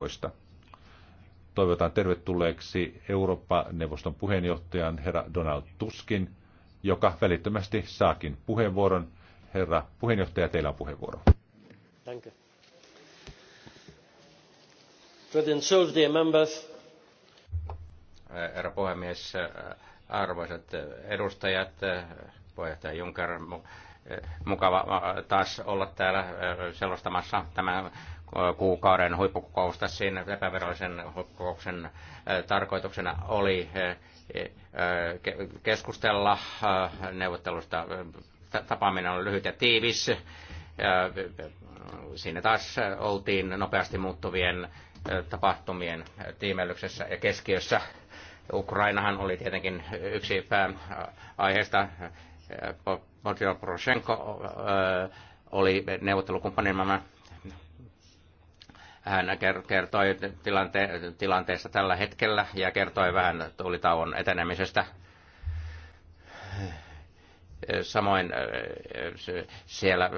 asioista. Toivotan tervetulleeksi Eurooppa-neuvoston puheenjohtajan herra Donald Tuskin, joka välittömästi saakin puheenvuoron. Herra puheenjohtaja, teillä on puheenvuoro. Danke. members. Herra puhemies, arvoisat edustajat, puheenjohtaja Juncker, mukava taas olla täällä selostamassa tämän kuukauden huippukokousta. sen epävirallisen huippukokouksen äh, tarkoituksena oli äh, äh, keskustella neuvottelusta. Tapaaminen oli lyhyt ja tiivis. Siinä taas oltiin nopeasti muuttuvien tapahtumien tiimellyksessä ja keskiössä. Ukrainahan oli tietenkin yksi pääaiheesta. Potjo Poroshenko oli neuvottelukumppanimme hän kertoi tilante- tilanteesta tällä hetkellä ja kertoi vähän tulitauon etenemisestä. Samoin äh, siellä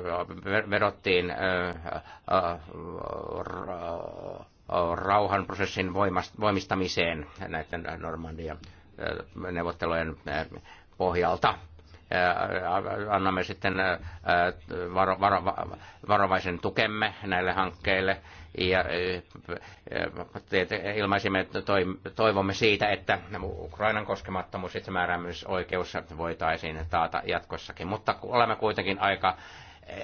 vedottiin äh, äh, rauhanprosessin voimistamiseen näiden Normandian neuvottelujen pohjalta annamme sitten varo, varo, varovaisen tukemme näille hankkeille ja ilmaisimme toivomme siitä, että Ukrainan koskemattomuus ja määräämisoikeus voitaisiin taata jatkossakin. Mutta olemme kuitenkin aika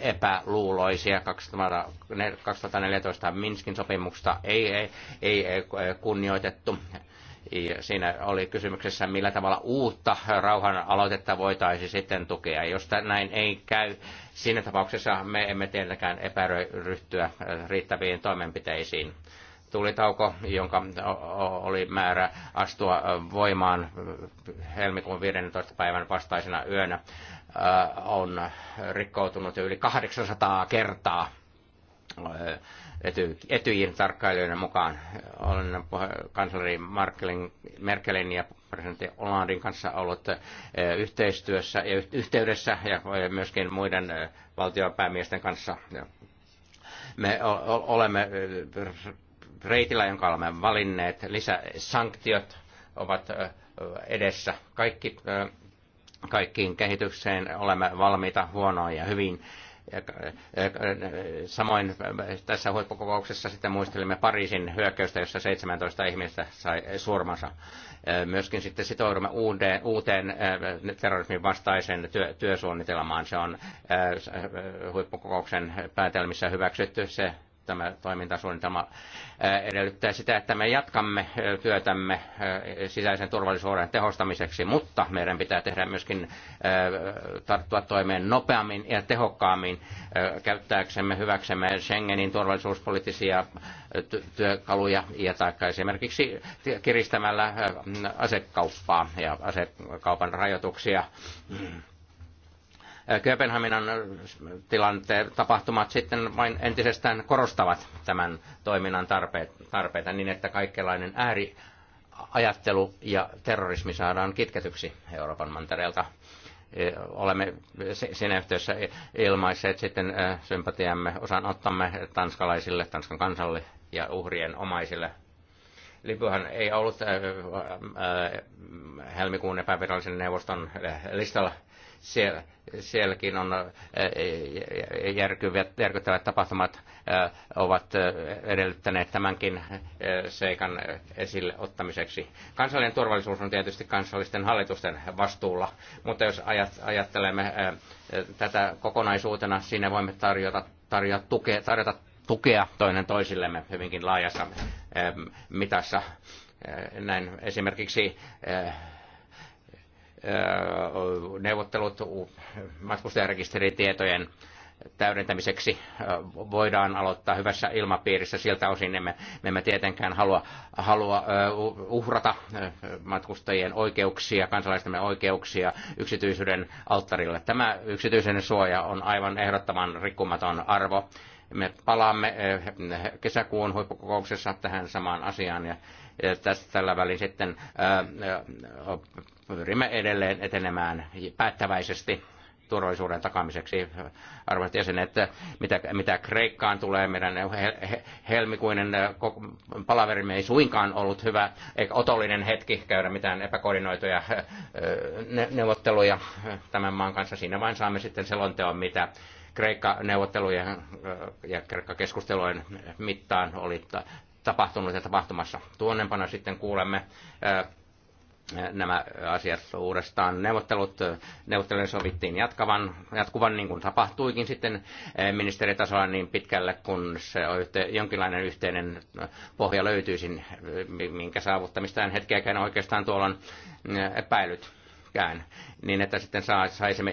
epäluuloisia. 2014 Minskin sopimuksesta ei, ei, ei kunnioitettu siinä oli kysymyksessä, millä tavalla uutta rauhan aloitetta voitaisiin sitten tukea. Jos näin ei käy, siinä tapauksessa me emme tietenkään epäröi ryhtyä äh, riittäviin toimenpiteisiin. Tulitauko, jonka oli määrä astua äh, voimaan äh, helmikuun 15. päivän vastaisena yönä, on rikkoutunut jo yli 800 kertaa ety, etyjin tarkkailijoiden mukaan. Olen kansleri Merkelin, Merkelin ja presidentti Hollandin kanssa ollut eh, yhteistyössä ja yhteydessä ja eh, myöskin muiden eh, valtiopäämiesten kanssa. Me olemme reitillä, jonka olemme valinneet. Lisäsanktiot ovat edessä. Kaikki, kaikkiin kehitykseen olemme valmiita huonoon ja hyvin samoin tässä huippukokouksessa sitten muistelimme Pariisin hyökkäystä, jossa 17 ihmistä sai surmansa. Myöskin sitten sitoudumme uuteen, uuteen terrorismin vastaiseen työ, työsuunnitelmaan. Se on huippukokouksen päätelmissä hyväksytty. Se tämä toimintasuunnitelma eh, edellyttää sitä, että me jatkamme eh, työtämme eh, sisäisen turvallisuuden tehostamiseksi, mutta meidän pitää tehdä myöskin tarttua toimeen nopeammin ja tehokkaammin käyttääksemme hyväksemme Schengenin turvallisuuspoliittisia työkaluja ja taikka esimerkiksi kiristämällä asekauppaa ja asekaupan rajoituksia. Mm Kööpenhaminan tilanteen tapahtumat sitten vain entisestään korostavat tämän toiminnan tarpeet, tarpeita niin, että kaikenlainen ääriajattelu ja terrorismi saadaan kitketyksi Euroopan mantereelta. E, olemme siinä yhteydessä ilmaisseet sitten e, sympatiamme, osanottamme tanskalaisille, Tanskan kansalle ja uhrien omaisille Libyhän ei ollut e, helmikuun epävirallisen neuvoston listalla siellä, sielläkin on äh, järkyvät, järkyttävät tapahtumat äh, ovat äh, edellyttäneet tämänkin seikan esille ottamiseksi. Kansallinen turvallisuus on tietysti kansallisten hallitusten vastuulla, mutta jos ajattelemme tätä kokonaisuutena, siinä voimme tarjota, tarjota, tukea, tarjota tukea toinen toisillemme hyvinkin laajassa mitassa. Näin esimerkiksi neuvottelut matkustajarekisteritietojen täydentämiseksi voidaan aloittaa hyvässä ilmapiirissä. Siltä osin emme, emme tietenkään halua, halua uhrata matkustajien oikeuksia, kansalaistemme oikeuksia yksityisyyden alttarille. Tämä yksityisen suoja on aivan ehdottoman rikkumaton arvo me palaamme eh, kesäkuun huippukokouksessa tähän samaan asiaan ja tästä tällä välin sitten eh, eh, pyrimme edelleen etenemään päättäväisesti turvallisuuden takamiseksi. Arvoisat jäsenet, mitä, mitä Kreikkaan tulee, meidän helmikuinen palaverimme ei suinkaan ollut hyvä, eikä otollinen hetki käydä mitään epäkoordinoituja neuvotteluja tämän maan kanssa. Siinä vain saamme sitten selonteon, mitä Kreikka-neuvottelujen äh, ja Kreikka-keskustelujen mittaan oli tapahtunut ja tapahtumassa. Tuonnempana sitten kuulemme äh, äh, nämä asiat uudestaan. Neuvottelut, neuvottelujen sovittiin jatkavan, jatkuvan niin kuin tapahtuikin sitten ministeritasolla niin pitkälle, kun se on yhte, jonkinlainen yhteinen pohja löytyisi, minkä saavuttamista en hetkeäkään oikeastaan tuolla on epäilyt pitkään, niin että sitten saisimme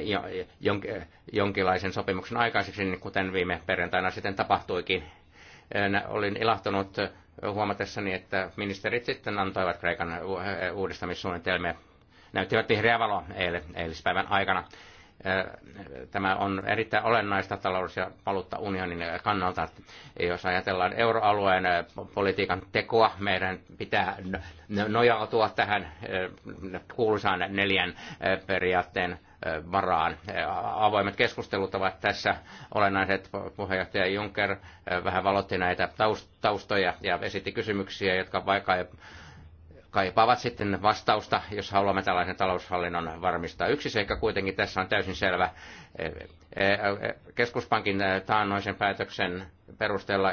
jonkinlaisen sopimuksen aikaiseksi, niin kuten viime perjantaina sitten tapahtuikin. Olin ilahtunut huomatessani, että ministerit sitten antoivat Kreikan uudistamissuunnitelmia, näyttivät vihreää valoa eilispäivän aikana Tämä on erittäin olennaista talous- ja valuuttaunionin kannalta. Jos ajatellaan euroalueen politiikan tekoa, meidän pitää nojautua tähän kuuluisaan neljän periaatteen varaan. Avoimet keskustelut ovat tässä olennaiset. Puheenjohtaja Juncker vähän valotti näitä taustoja ja esitti kysymyksiä, jotka vaikka kaipaavat sitten vastausta, jos haluamme tällaisen taloushallinnon varmistaa. Yksi seikka kuitenkin tässä on täysin selvä. E, e, e, keskuspankin taannoisen päätöksen perusteella,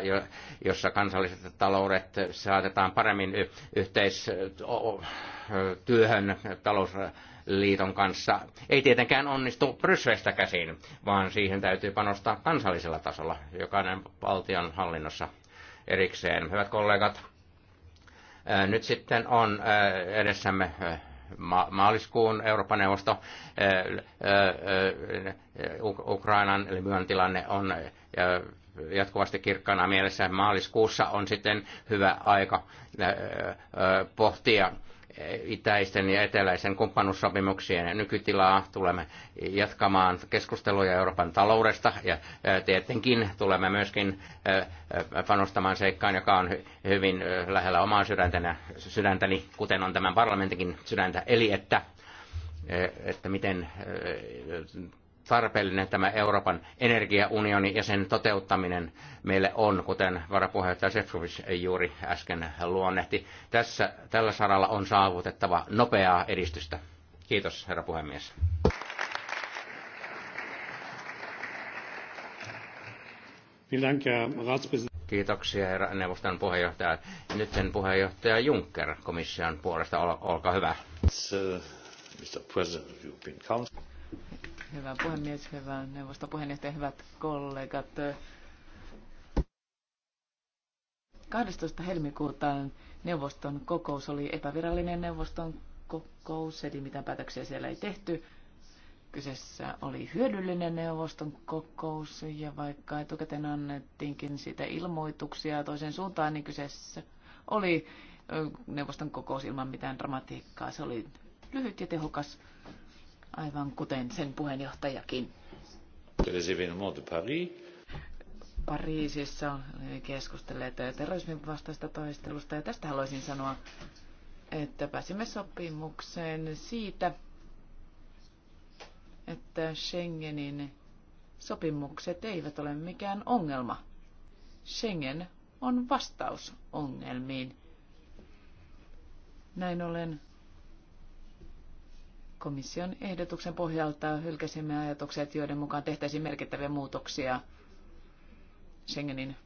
jossa kansalliset taloudet saatetaan paremmin yhteistyöhön talousliiton kanssa, ei tietenkään onnistu Brysselistä käsin, vaan siihen täytyy panostaa kansallisella tasolla, jokainen valtion hallinnossa erikseen. Hyvät kollegat, nyt sitten on edessämme maaliskuun Euroopan neuvosto. Ukrainan Libyan tilanne on jatkuvasti kirkkana mielessä. Maaliskuussa on sitten hyvä aika pohtia itäisten ja eteläisen kumppanuussopimuksien nykytilaa. Tulemme jatkamaan keskusteluja Euroopan taloudesta ja tietenkin tulemme myöskin panostamaan seikkaan, joka on hyvin lähellä omaa sydäntäni, sydäntäni kuten on tämän parlamentinkin sydäntä, eli että että miten tarpeellinen tämä Euroopan energiaunioni ja sen toteuttaminen meille on, kuten varapuheenjohtaja Sefcovic juuri äsken luonnehti. Tässä, tällä saralla on saavutettava nopeaa edistystä. Kiitos, herra puhemies. Kiitoksia, herra neuvoston puheenjohtaja. Nyt sen puheenjohtaja Juncker komission puolesta, olkaa hyvä. Mr. President of European Council. Hyvä puhemies, hyvä neuvostopuheenjohtaja, hyvät kollegat. 12. helmikuuta neuvoston kokous oli epävirallinen neuvoston kokous, eli mitä päätöksiä siellä ei tehty. Kyseessä oli hyödyllinen neuvoston kokous, ja vaikka etukäteen annettiinkin siitä ilmoituksia toisen suuntaan, niin kyseessä oli neuvoston kokous ilman mitään dramatiikkaa. Se oli lyhyt ja tehokas aivan kuten sen puheenjohtajakin. Pariisissa keskustelleet terrorismin vastaista taistelusta ja tästä haluaisin sanoa, että pääsimme sopimukseen siitä, että Schengenin sopimukset eivät ole mikään ongelma. Schengen on vastaus ongelmiin. Näin ollen Komission ehdotuksen pohjalta hylkäsimme ajatukset, joiden mukaan tehtäisiin merkittäviä muutoksia Schengenin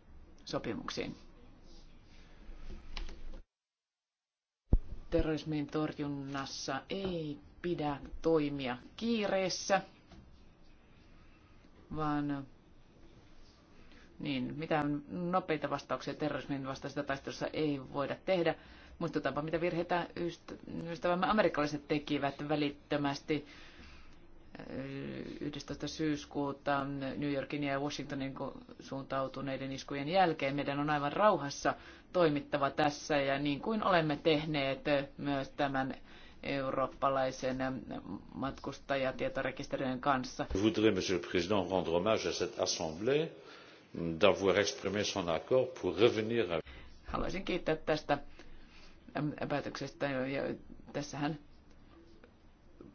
sopimuksiin. Terrorismin torjunnassa ei pidä toimia kiireessä, vaan niin, mitään nopeita vastauksia terrorismin vastaisessa taistelussa ei voida tehdä Muistutaanpa, mitä virheitä ystävämme amerikkalaiset tekivät välittömästi 11. Eh, syyskuuta New Yorkin ja Washingtonin suuntautuneiden iskujen jälkeen. Meidän on aivan rauhassa toimittava tässä ja niin kuin olemme tehneet myös tämän eurooppalaisen matkustajatietorekisterin kanssa. voudrais, monsieur le président, rendre hommage à cette assemblée d'avoir exprimé son accord pour revenir à... Haluaisin kiittää tästä päätöksestä. Ja tässähän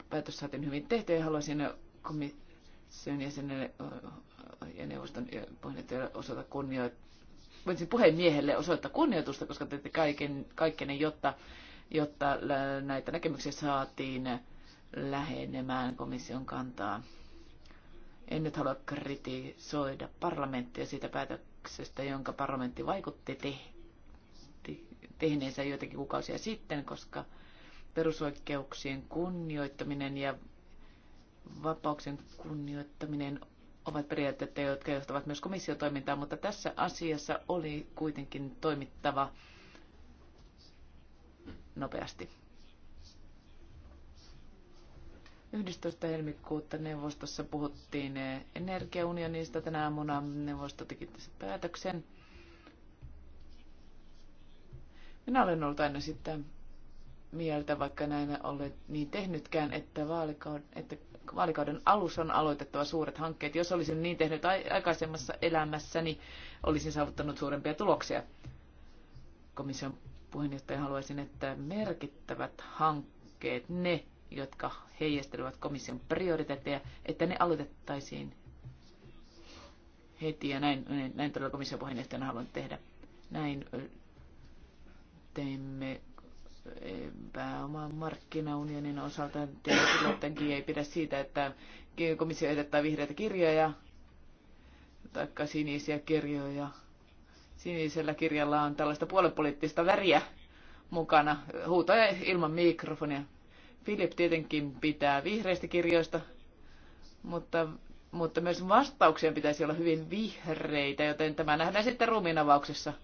päätös saatiin hyvin tehty ja haluaisin komission jäsenelle ja neuvoston puheenjohtajalle osoita kunnioitusta voisin puhemiehelle osoittaa kunnioitusta, koska teette kaiken, kaikkenne, jotta, jotta näitä näkemyksiä saatiin lähenemään komission kantaa. En nyt halua kritisoida parlamenttia siitä päätöksestä, jonka parlamentti vaikutti tehdä tehneensä joitakin kuukausia sitten, koska perusoikeuksien kunnioittaminen ja vapauksen kunnioittaminen ovat periaatteita, jotka johtavat myös komission mutta tässä asiassa oli kuitenkin toimittava nopeasti. 11. helmikuuta neuvostossa puhuttiin energiaunionista. Tänä aamuna neuvosto teki tässä päätöksen. Minä olen ollut aina sitä mieltä, vaikka näin ole niin tehnytkään, että vaalikauden, että vaalikauden alussa on aloitettava suuret hankkeet. Jos olisin niin tehnyt aikaisemmassa elämässäni, olisin saavuttanut suurempia tuloksia. Komission puheenjohtaja haluaisin, että merkittävät hankkeet, ne, jotka heijastelevat komission prioriteetteja, että ne aloitettaisiin heti. Ja näin, näin todella komission puheenjohtajana haluan tehdä. Näin teimme eh, pääoman markkinaunionin osalta. Tietenkin ei pidä siitä, että komissio ehdottaa vihreitä kirjoja tai sinisiä kirjoja. Sinisellä kirjalla on tällaista puolipoliittista väriä mukana. Huutoja ilman mikrofonia. Filip tietenkin pitää vihreistä kirjoista, mutta, mutta myös vastauksien pitäisi olla hyvin vihreitä, joten tämä nähdään sitten ruumiinavauksessa –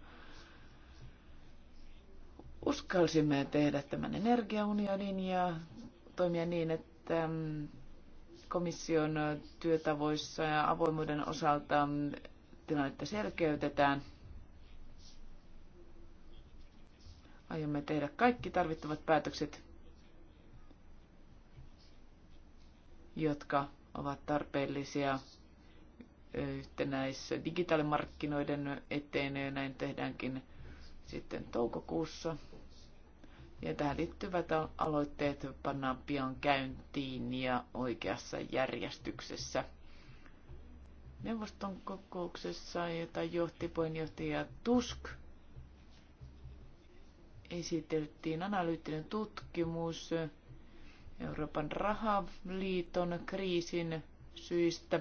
uskalsimme tehdä tämän energiaunionin ja toimia niin, että mm, komission työtavoissa ja avoimuuden osalta mm, tilannetta selkeytetään. Aiomme tehdä kaikki tarvittavat päätökset, jotka ovat tarpeellisia yhtenäis digitaalimarkkinoiden eteen. Näin tehdäänkin sitten toukokuussa. Ja tähän liittyvät aloitteet pannaan pian käyntiin ja oikeassa järjestyksessä. Neuvoston kokouksessa, jota johti puheenjohtaja Tusk, esiteltiin analyyttinen tutkimus Euroopan rahaliiton kriisin syistä.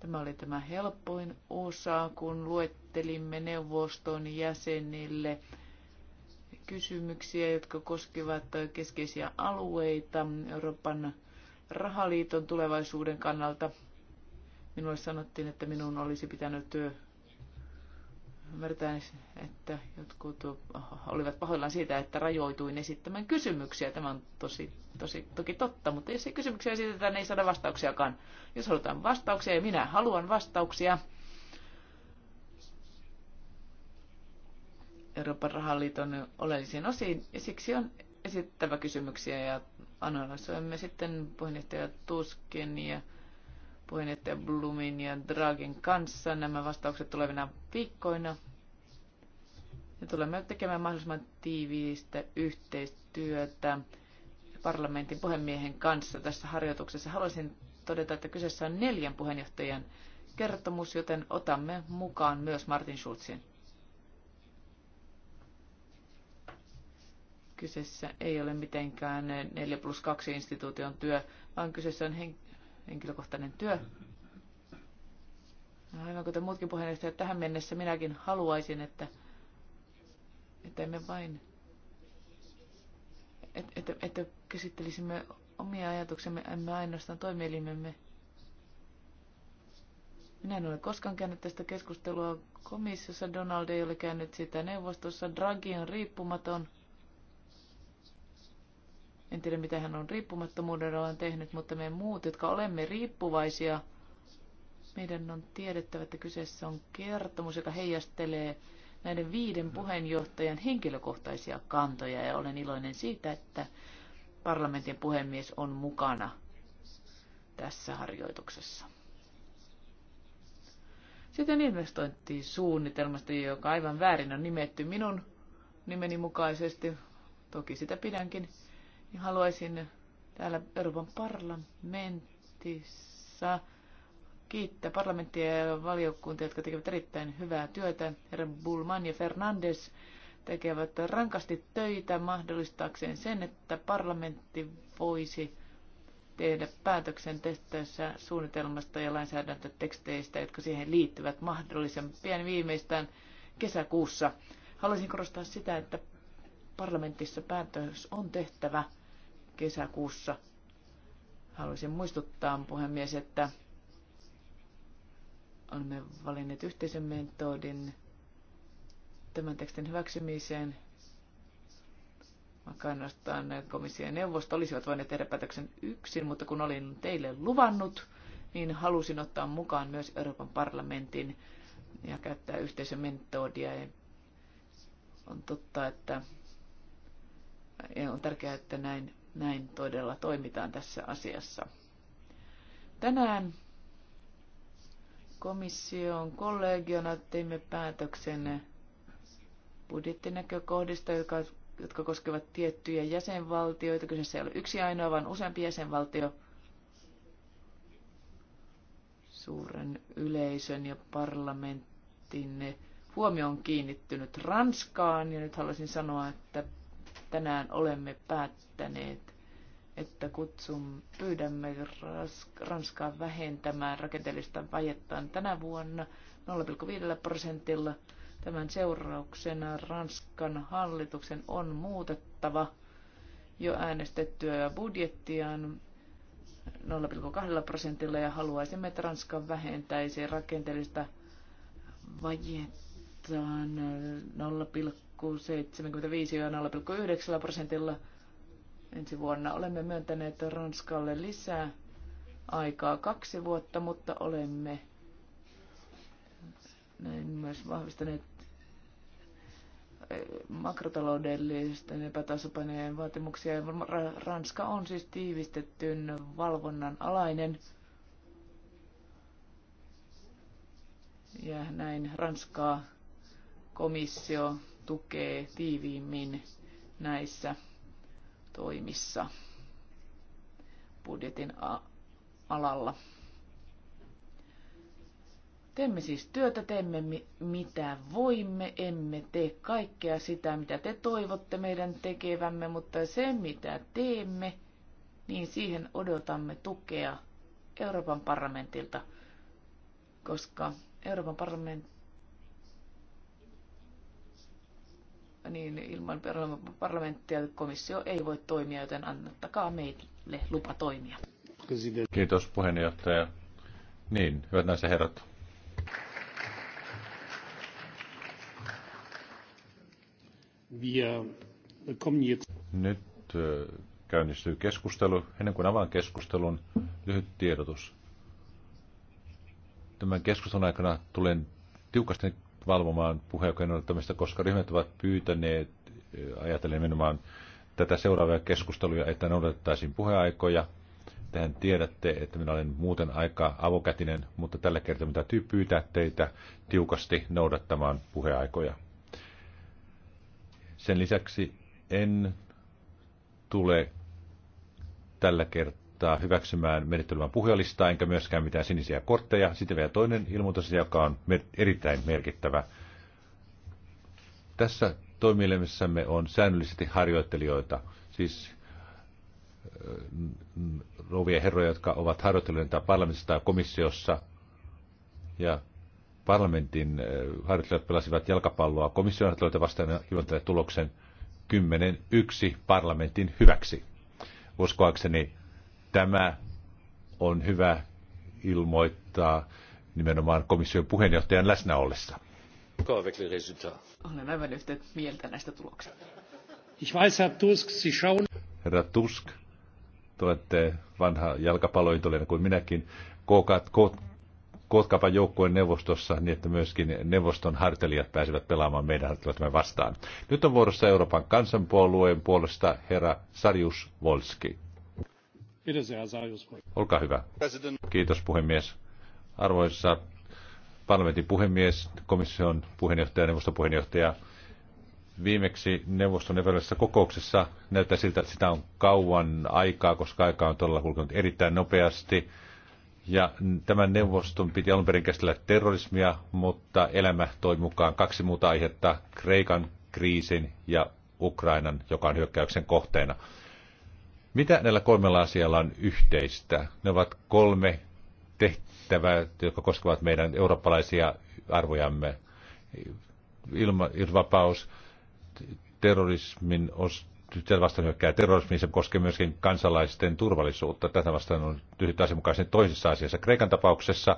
Tämä oli tämä helpoin osa, kun luettelimme neuvoston jäsenille – kysymyksiä, jotka koskevat keskeisiä alueita Euroopan rahaliiton tulevaisuuden kannalta. Minulle sanottiin, että minun olisi pitänyt ymmärtää, että jotkut olivat pahoillaan siitä, että rajoituin esittämään kysymyksiä. Tämä on tosi, tosi, toki totta, mutta jos ei kysymyksiä esitetään, ei saada vastauksiakaan. Jos halutaan vastauksia, ja minä haluan vastauksia, Euroopan rahaliiton oleellisiin osiin, ja siksi on esittävä kysymyksiä ja analysoimme sitten puheenjohtaja Tuskin ja puheenjohtaja Blumin ja Dragin kanssa nämä vastaukset tulevina viikkoina. Ja tulemme tekemään mahdollisimman tiiviistä yhteistyötä parlamentin puhemiehen kanssa tässä harjoituksessa. Haluaisin todeta, että kyseessä on neljän puheenjohtajan kertomus, joten otamme mukaan myös Martin Schulzin. Kyseessä ei ole mitenkään 4 plus 2 instituution työ, vaan kyseessä on henkilökohtainen työ. Aivan kuten muutkin puheenjohtajat tähän mennessä, minäkin haluaisin, että, että emme vain että, että, että käsittelisimme omia ajatuksemme, emme ainoastaan toimielimemme. Minä en ole koskaan käynyt tästä keskustelua komissiossa, Donald ei ole käynyt sitä neuvostossa, Draghi on riippumaton – en tiedä, mitä hän on riippumattomuudellaan tehnyt, mutta me muut, jotka olemme riippuvaisia, meidän on tiedettävä, että kyseessä on kertomus, joka heijastelee näiden viiden puheenjohtajan henkilökohtaisia kantoja. Ja olen iloinen siitä, että parlamentin puhemies on mukana tässä harjoituksessa. Sitten investointisuunnitelmasta, joka aivan väärin on nimetty minun nimeni mukaisesti. Toki sitä pidänkin niin haluaisin täällä Euroopan parlamentissa kiittää parlamenttia ja valiokuntia, jotka tekevät erittäin hyvää työtä. Herra Bulman ja Fernandes tekevät rankasti töitä mahdollistaakseen sen, että parlamentti voisi tehdä päätöksen tehtäessä suunnitelmasta ja lainsäädäntöteksteistä, jotka siihen liittyvät mahdollisen pian viimeistään kesäkuussa. Haluaisin korostaa sitä, että parlamentissa päätös on tehtävä kesäkuussa. Haluaisin muistuttaa, puhemies, että olemme valinneet yhteisen metodin tämän tekstin hyväksymiseen. Vaikka ainoastaan komission ja neuvosto olisivat voineet tehdä päätöksen yksin, mutta kun olin teille luvannut, niin halusin ottaa mukaan myös Euroopan parlamentin ja käyttää yhteisön metodia. On totta, että on tärkeää, että näin näin todella toimitaan tässä asiassa. Tänään komission kollegiona teimme päätöksen budjettinäkökohdista, jotka, jotka koskevat tiettyjä jäsenvaltioita. Kyseessä ei ole yksi ainoa, vaan useampi jäsenvaltio suuren yleisön ja parlamentin huomio on kiinnittynyt Ranskaan. Ja nyt haluaisin sanoa, että tänään olemme päättäneet, että kutsum, pyydämme Ranskaa vähentämään rakenteellista vajettaan tänä vuonna 0,5 prosentilla. Tämän seurauksena Ranskan hallituksen on muutettava jo äänestettyä budjettiaan 0,2 prosentilla ja haluaisimme, että Ranska vähentäisi rakenteellista vajettaan 0, 0,75 ja 0,9 prosentilla ensi vuonna. Olemme myöntäneet Ranskalle lisää aikaa kaksi vuotta, mutta olemme näin myös vahvistaneet eh, makrotaloudellisten epätasapainojen vaatimuksia. Ranska on siis tiivistettyn valvonnan alainen. Ja näin Ranskaa komissio tukee tiiviimmin näissä toimissa budjetin alalla. Teemme siis työtä, teemme mitä voimme, emme tee kaikkea sitä, mitä te toivotte meidän tekevämme, mutta se mitä teemme, niin siihen odotamme tukea Euroopan parlamentilta, koska Euroopan parlamentti niin ilman parlamenttia komissio ei voi toimia, joten annattakaa meille lupa toimia. Kiitos puheenjohtaja. Niin, hyvät naiset herrat. Nyt käynnistyy keskustelu. Ennen kuin avaan keskustelun, lyhyt tiedotus. Tämän keskustelun aikana tulen tiukasti valvomaan puheenjohtajan noudattamista, koska ryhmät ovat pyytäneet, ajatellen nimenomaan tätä seuraavia keskusteluja, että noudatettaisiin puheaikoja. Tähän tiedätte, että minä olen muuten aika avokätinen, mutta tällä kertaa minä täytyy pyytää teitä tiukasti noudattamaan puheaikoja. Sen lisäksi en tule tällä kertaa velvoittaa hyväksymään menettelyvän puhujalistaa, enkä myöskään mitään sinisiä kortteja. Sitten vielä toinen ilmoitus, joka on erittäin merkittävä. Tässä toimielimessämme on säännöllisesti harjoittelijoita, siis äh, rouvia herroja, jotka ovat harjoittelijoita parlamentissa tai komissiossa. Ja parlamentin äh, harjoittelijat pelasivat jalkapalloa komission harjoittelijoita vastaan ja ilmoittaneet tuloksen 10-1 parlamentin hyväksi. Uskoakseni Tämä on hyvä ilmoittaa nimenomaan komission puheenjohtajan läsnä ollessa. Olen aivan yhtä mieltä näistä tuloksista. Ich weiß, Herr Tusk, Sie schauen... Herra Tusk, te olette vanha jalkapalloitolinen kuin minäkin. koot, kootkaapa joukkueen neuvostossa niin, että myöskin neuvoston hartelijat pääsevät pelaamaan meidän hartelijamme vastaan. Nyt on vuorossa Euroopan kansanpuolueen puolesta herra Sarjus Volski. Olkaa hyvä. Kiitos puhemies. Arvoisa parlamentin puhemies, komission puheenjohtaja, neuvoston puheenjohtaja. Viimeksi neuvoston epäilyssä kokouksessa näyttää siltä, että sitä on kauan aikaa, koska aika on todella kulkenut erittäin nopeasti. Ja tämän neuvoston piti alun perin käsitellä terrorismia, mutta elämä toi mukaan kaksi muuta aihetta, Kreikan kriisin ja Ukrainan, joka on hyökkäyksen kohteena. Mitä näillä kolmella asialla on yhteistä? Ne ovat kolme tehtävää, jotka koskevat meidän eurooppalaisia arvojamme. Ilma, vapaus, terrorismin vastaan hyökkää terrorismi, se koskee myöskin kansalaisten turvallisuutta. Tätä vastaan on tyhjyt asianmukaisen toisessa asiassa. Kreikan tapauksessa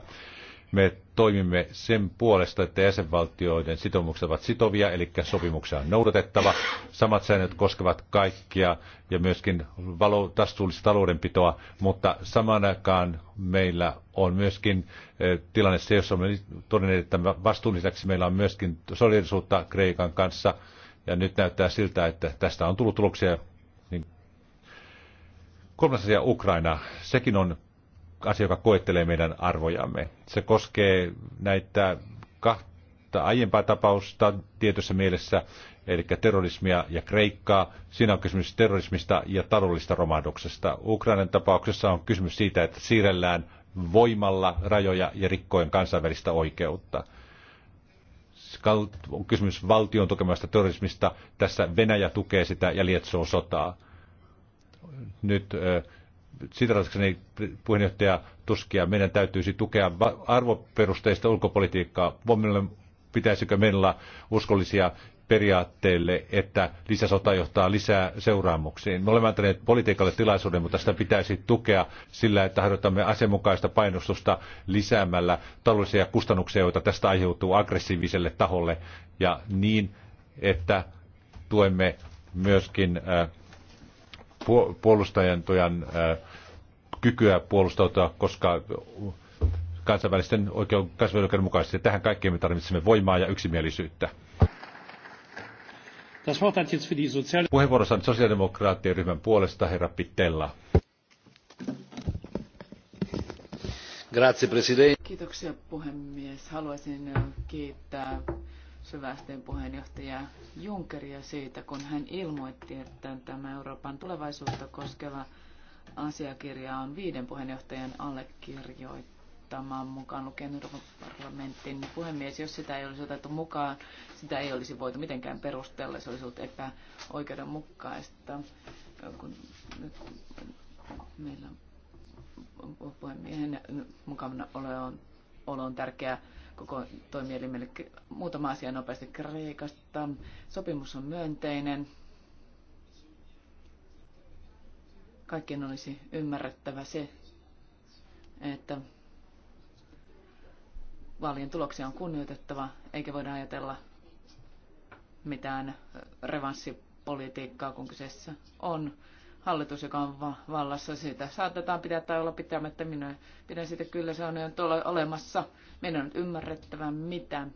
me toimimme sen puolesta, että jäsenvaltioiden sitoumukset ovat sitovia, eli sopimuksia on noudatettava. Samat säännöt koskevat kaikkia ja myöskin vastuullista taloudenpitoa, mutta samaan aikaan meillä on myöskin eh, tilanne se, jossa olemme todenneet, että vastuun lisäksi meillä on myöskin solidaarisuutta Kreikan kanssa. Ja nyt näyttää siltä, että tästä on tullut tuloksia. Niin. Kolmas asia Ukraina. Sekin on asia, joka koettelee meidän arvojamme. Se koskee näitä kahta aiempaa tapausta tietyssä mielessä, eli terrorismia ja Kreikkaa. Siinä on kysymys terrorismista ja taloudellisesta romahduksesta. Ukrainan tapauksessa on kysymys siitä, että siirrellään voimalla rajoja ja rikkoen kansainvälistä oikeutta. On kysymys valtion tukemasta terrorismista. Tässä Venäjä tukee sitä ja lietsoo sotaa. Nyt sitatakseni puheenjohtaja Tuskia, meidän täytyisi tukea arvoperusteista ulkopolitiikkaa. Pitäisikö meillä olla uskollisia periaatteelle, että lisäsota johtaa lisää seuraamuksiin. Me olemme antaneet politiikalle tilaisuuden, mutta sitä pitäisi tukea sillä, että harjoitamme asianmukaista painostusta lisäämällä taloudellisia kustannuksia, joita tästä aiheutuu aggressiiviselle taholle, ja niin, että tuemme myöskin äh, puolustajantojan äh, kykyä puolustautua, koska kansainvälisten oikeuden, kansainvälisen mukaisesti tähän kaikkeen me tarvitsemme voimaa ja yksimielisyyttä. Puheenvuorossa on sosiaalidemokraattien ryhmän puolesta herra Pitella. Kiitoksia puhemies. Haluaisin äh, kiittää syvästeen puheenjohtaja Junckeria siitä, kun hän ilmoitti, että tämä Euroopan tulevaisuutta koskeva asiakirja on viiden puheenjohtajan allekirjoittama mukaan lukien Euroopan parlamentin puhemies. Jos sitä ei olisi otettu mukaan, sitä ei olisi voitu mitenkään perustella. Se olisi ollut epäoikeudenmukaista. Kun nyt meillä puhemiehen mukana on, olo on tärkeä, koko toimielimelle. Muutama asia nopeasti Kreikasta. Sopimus on myönteinen kaikkien olisi ymmärrettävä se, että vaalien tuloksia on kunnioitettava, eikä voida ajatella mitään revanssipolitiikkaa, kun kyseessä on hallitus, joka on va- vallassa. Siitä saatetaan pitää tai olla pitämättä. Minä pidän siitä kyllä, se on jo tuolla olemassa. Meidän on ymmärrettävä, mitä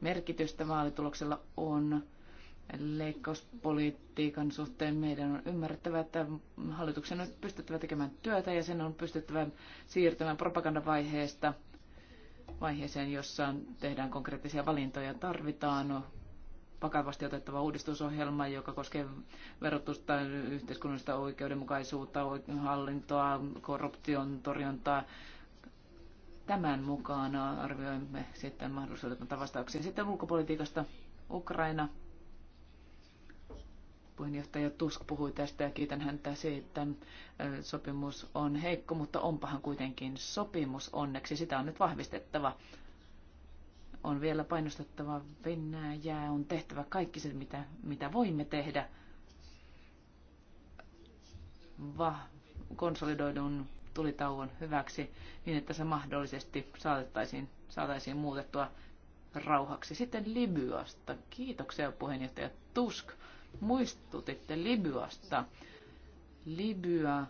merkitystä vaalituloksella on leikkauspolitiikan suhteen meidän on ymmärrettävä, että hallituksen on pystyttävä tekemään työtä ja sen on pystyttävä siirtymään propagandavaiheesta vaiheeseen, jossa tehdään konkreettisia valintoja. Tarvitaan vakavasti otettava uudistusohjelma, joka koskee verotusta, yhteiskunnallista oikeudenmukaisuutta, hallintoa, korruption torjuntaa. Tämän mukaan arvioimme sitten mahdollisuudet vastauksia. Sitten ulkopolitiikasta Ukraina puheenjohtaja Tusk puhui tästä ja kiitän häntä siitä, että sopimus on heikko, mutta onpahan kuitenkin sopimus onneksi. Sitä on nyt vahvistettava. On vielä painostettava Venäjää, on tehtävä kaikki se, mitä, mitä voimme tehdä va- konsolidoidun tulitauon hyväksi niin, että se mahdollisesti saataisiin, saataisiin muutettua rauhaksi. Sitten Libyasta. Kiitoksia puheenjohtaja Tusk. Muistutitte Libyasta. Libya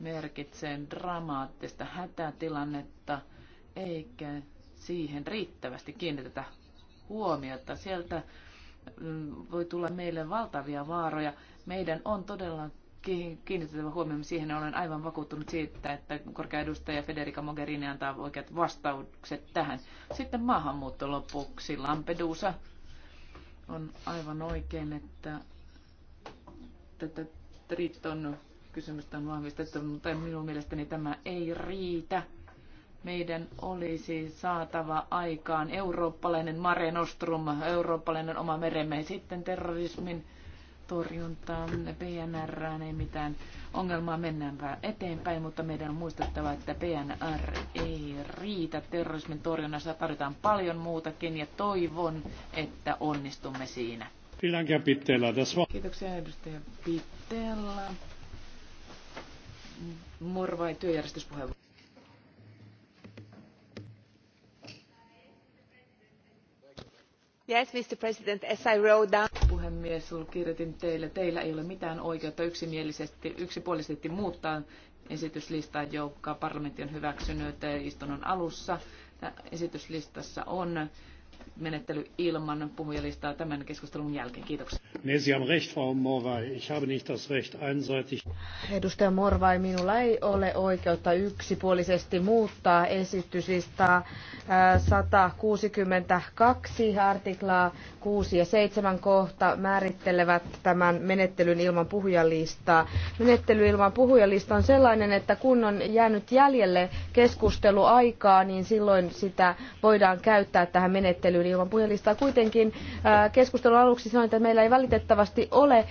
merkitsee dramaattista hätätilannetta, eikä siihen riittävästi kiinnitetä huomiota. Sieltä mm, voi tulla meille valtavia vaaroja. Meidän on todella kiinnitettävä huomiomme siihen. Olen aivan vakuuttunut siitä, että korkea edustaja Federica Mogherini antaa oikeat vastaukset tähän. Sitten maahanmuutto lopuksi. Lampedusa on aivan oikein, että tätä Triton kysymystä on vahvistettu, mutta minun mielestäni tämä ei riitä. Meidän olisi saatava aikaan eurooppalainen Mare Nostrum, eurooppalainen oma meremme, sitten terrorismin torjuntaa, PNR ei mitään ongelmaa, mennään vähän eteenpäin, mutta meidän on muistettava, että PNR ei riitä. Terrorismin torjunnassa tarvitaan paljon muutakin ja toivon, että onnistumme siinä. Kiitoksia edustaja Pitella. Morvai työjärjestyspuheenvuoro. Yes, Mr. President, as Puhemies, kirjoitin teille, teillä ei ole mitään oikeutta yksipuolisesti muuttaa esityslistaa, jonka parlamentti on hyväksynyt istunnon alussa. Esityslistassa on menettely ilman puhujalistaa tämän keskustelun jälkeen. Kiitoksia. Ne Sie haben recht, Frau Morvai. Ich habe nicht das recht einseitig. Edustaja Morvai, minulla ei ole oikeutta yksipuolisesti muuttaa esityslistaa äh, 162 artiklaa 6 ja 7 kohta määrittelevät tämän menettelyn ilman puhujalistaa. Menettely ilman puhujalista on sellainen, että kun on jäänyt jäljelle keskusteluaikaa, niin silloin sitä voidaan käyttää tähän menettelyyn yli ilman puhujalistaa. Kuitenkin keskustelun aluksi sanoin, että meillä ei valitettavasti ole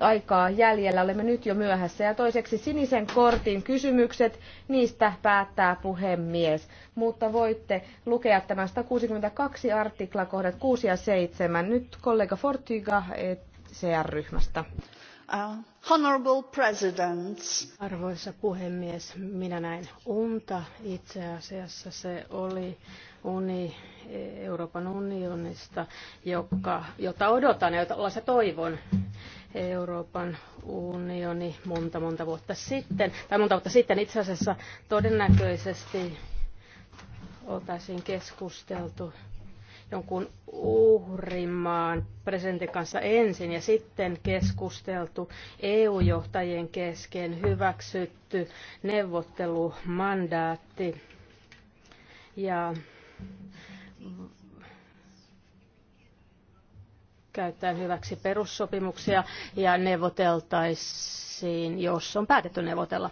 aikaa jäljellä. Olemme nyt jo myöhässä. Ja toiseksi sinisen kortin kysymykset, niistä päättää puhemies. Mutta voitte lukea tämä 162 artikla kohdat 6 ja 7. Nyt kollega Fortyga CR-ryhmästä. Arvoisa puhemies, minä näin unta. Itse asiassa se oli uni Euroopan unionista, joka, jota odotan ja jota se toivon. Euroopan unioni monta monta vuotta sitten, tai monta vuotta sitten itse asiassa todennäköisesti oltaisiin keskusteltu jonkun uhrimaan presidentin kanssa ensin ja sitten keskusteltu EU-johtajien kesken hyväksytty neuvottelumandaatti. Ja käyttäen hyväksi perussopimuksia ja neuvoteltaisiin, jos on päätetty neuvotella.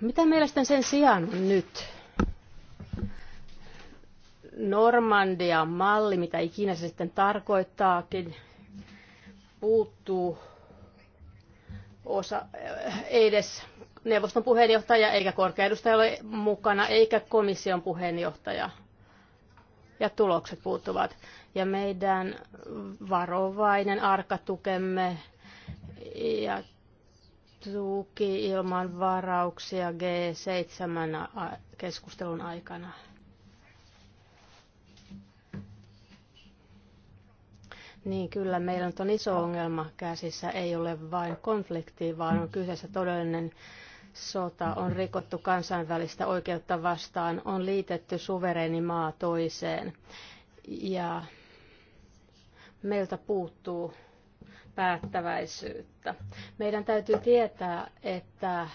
Mitä meillä sen sijaan on nyt? Normandian malli, mitä ikinä se sitten tarkoittaakin, puuttuu osa, ei eh, edes neuvoston puheenjohtaja eikä korkeudusta ole mukana eikä komission puheenjohtaja. Ja tulokset puuttuvat. Ja meidän varovainen arkatukemme ja tuki ilman varauksia G7 keskustelun aikana Niin kyllä, meillä on iso ongelma käsissä. Ei ole vain konflikti, vaan on kyseessä todellinen sota. On rikottu kansainvälistä oikeutta vastaan, on liitetty suvereeni maa toiseen. Ja meiltä puuttuu päättäväisyyttä. Meidän täytyy tietää, että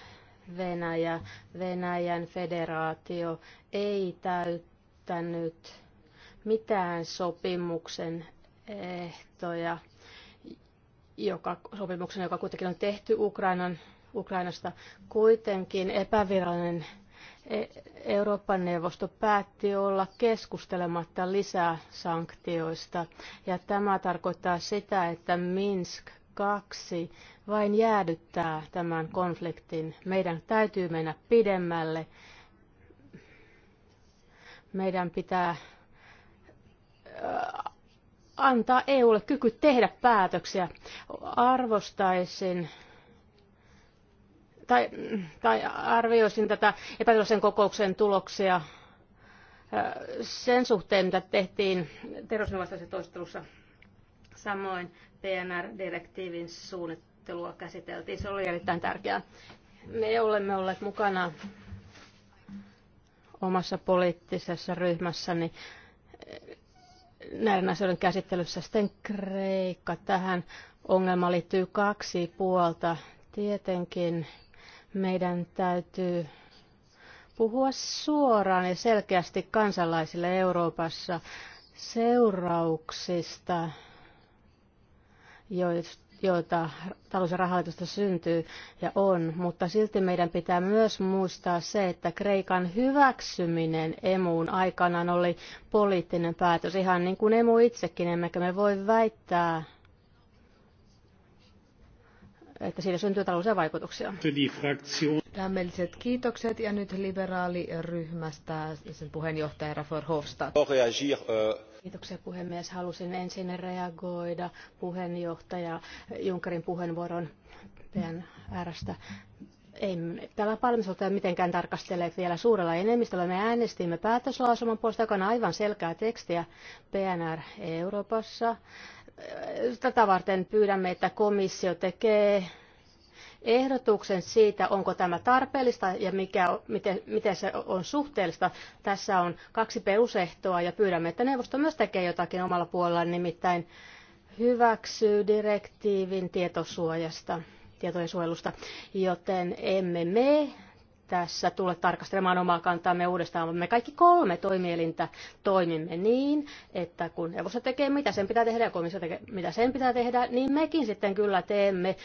Venäjä, Venäjän federaatio ei täyttänyt mitään sopimuksen ehtoja joka, sopimuksen, joka kuitenkin on tehty Ukrainan, Ukrainasta. Kuitenkin epävirallinen e, Euroopan neuvosto päätti olla keskustelematta lisää sanktioista, ja tämä tarkoittaa sitä, että Minsk 2 vain jäädyttää tämän konfliktin. Meidän täytyy mennä pidemmälle. Meidän pitää antaa EUlle kyky tehdä päätöksiä. Arvostaisin tai, tai arvioisin tätä epävirallisen kokouksen tuloksia sen suhteen, mitä tehtiin terrorismin vastaisessa toistelussa. Samoin PNR-direktiivin suunnittelua käsiteltiin. Se oli erittäin tärkeää. Me olemme olleet mukana omassa poliittisessa ryhmässäni näiden asioiden käsittelyssä. Sitten Kreikka. Tähän ongelma liittyy kaksi puolta. Tietenkin meidän täytyy puhua suoraan ja selkeästi kansalaisille Euroopassa seurauksista, joista joita talous- ja rahoitusta syntyy ja on, mutta silti meidän pitää myös muistaa se, että Kreikan hyväksyminen emuun aikanaan oli poliittinen päätös, ihan niin kuin emu itsekin, emmekä me voi väittää, että siitä syntyy taloudellisia vaikutuksia. Lämmelliset kiitokset ja nyt liberaaliryhmästä sen puheenjohtaja Rafael Hofstad. Euh, Kiitoksia puhemies. Halusin ensin reagoida puheenjohtaja Junkerin puheenvuoron PNRstä. Ei, täällä valmistelta mitenkään tarkastelee vielä suurella enemmistöllä. Me äänestimme päätöslausuman puolesta, joka on aivan selkeää tekstiä PNR Euroopassa. Tätä varten pyydämme, että komissio tekee ehdotuksen siitä, onko tämä tarpeellista ja mikä, miten, miten se on suhteellista. Tässä on kaksi perusehtoa ja pyydämme, että neuvosto myös tekee jotakin omalla puolellaan, nimittäin hyväksyy direktiivin tietosuojasta, tietojen suojelusta, joten emme me tässä tule tarkastelemaan omaa kantaamme uudestaan, vaan me kaikki kolme toimielintä toimimme niin, että kun neuvosto tekee mitä sen pitää tehdä ja komissio tekee mitä sen pitää tehdä, niin mekin sitten kyllä teemme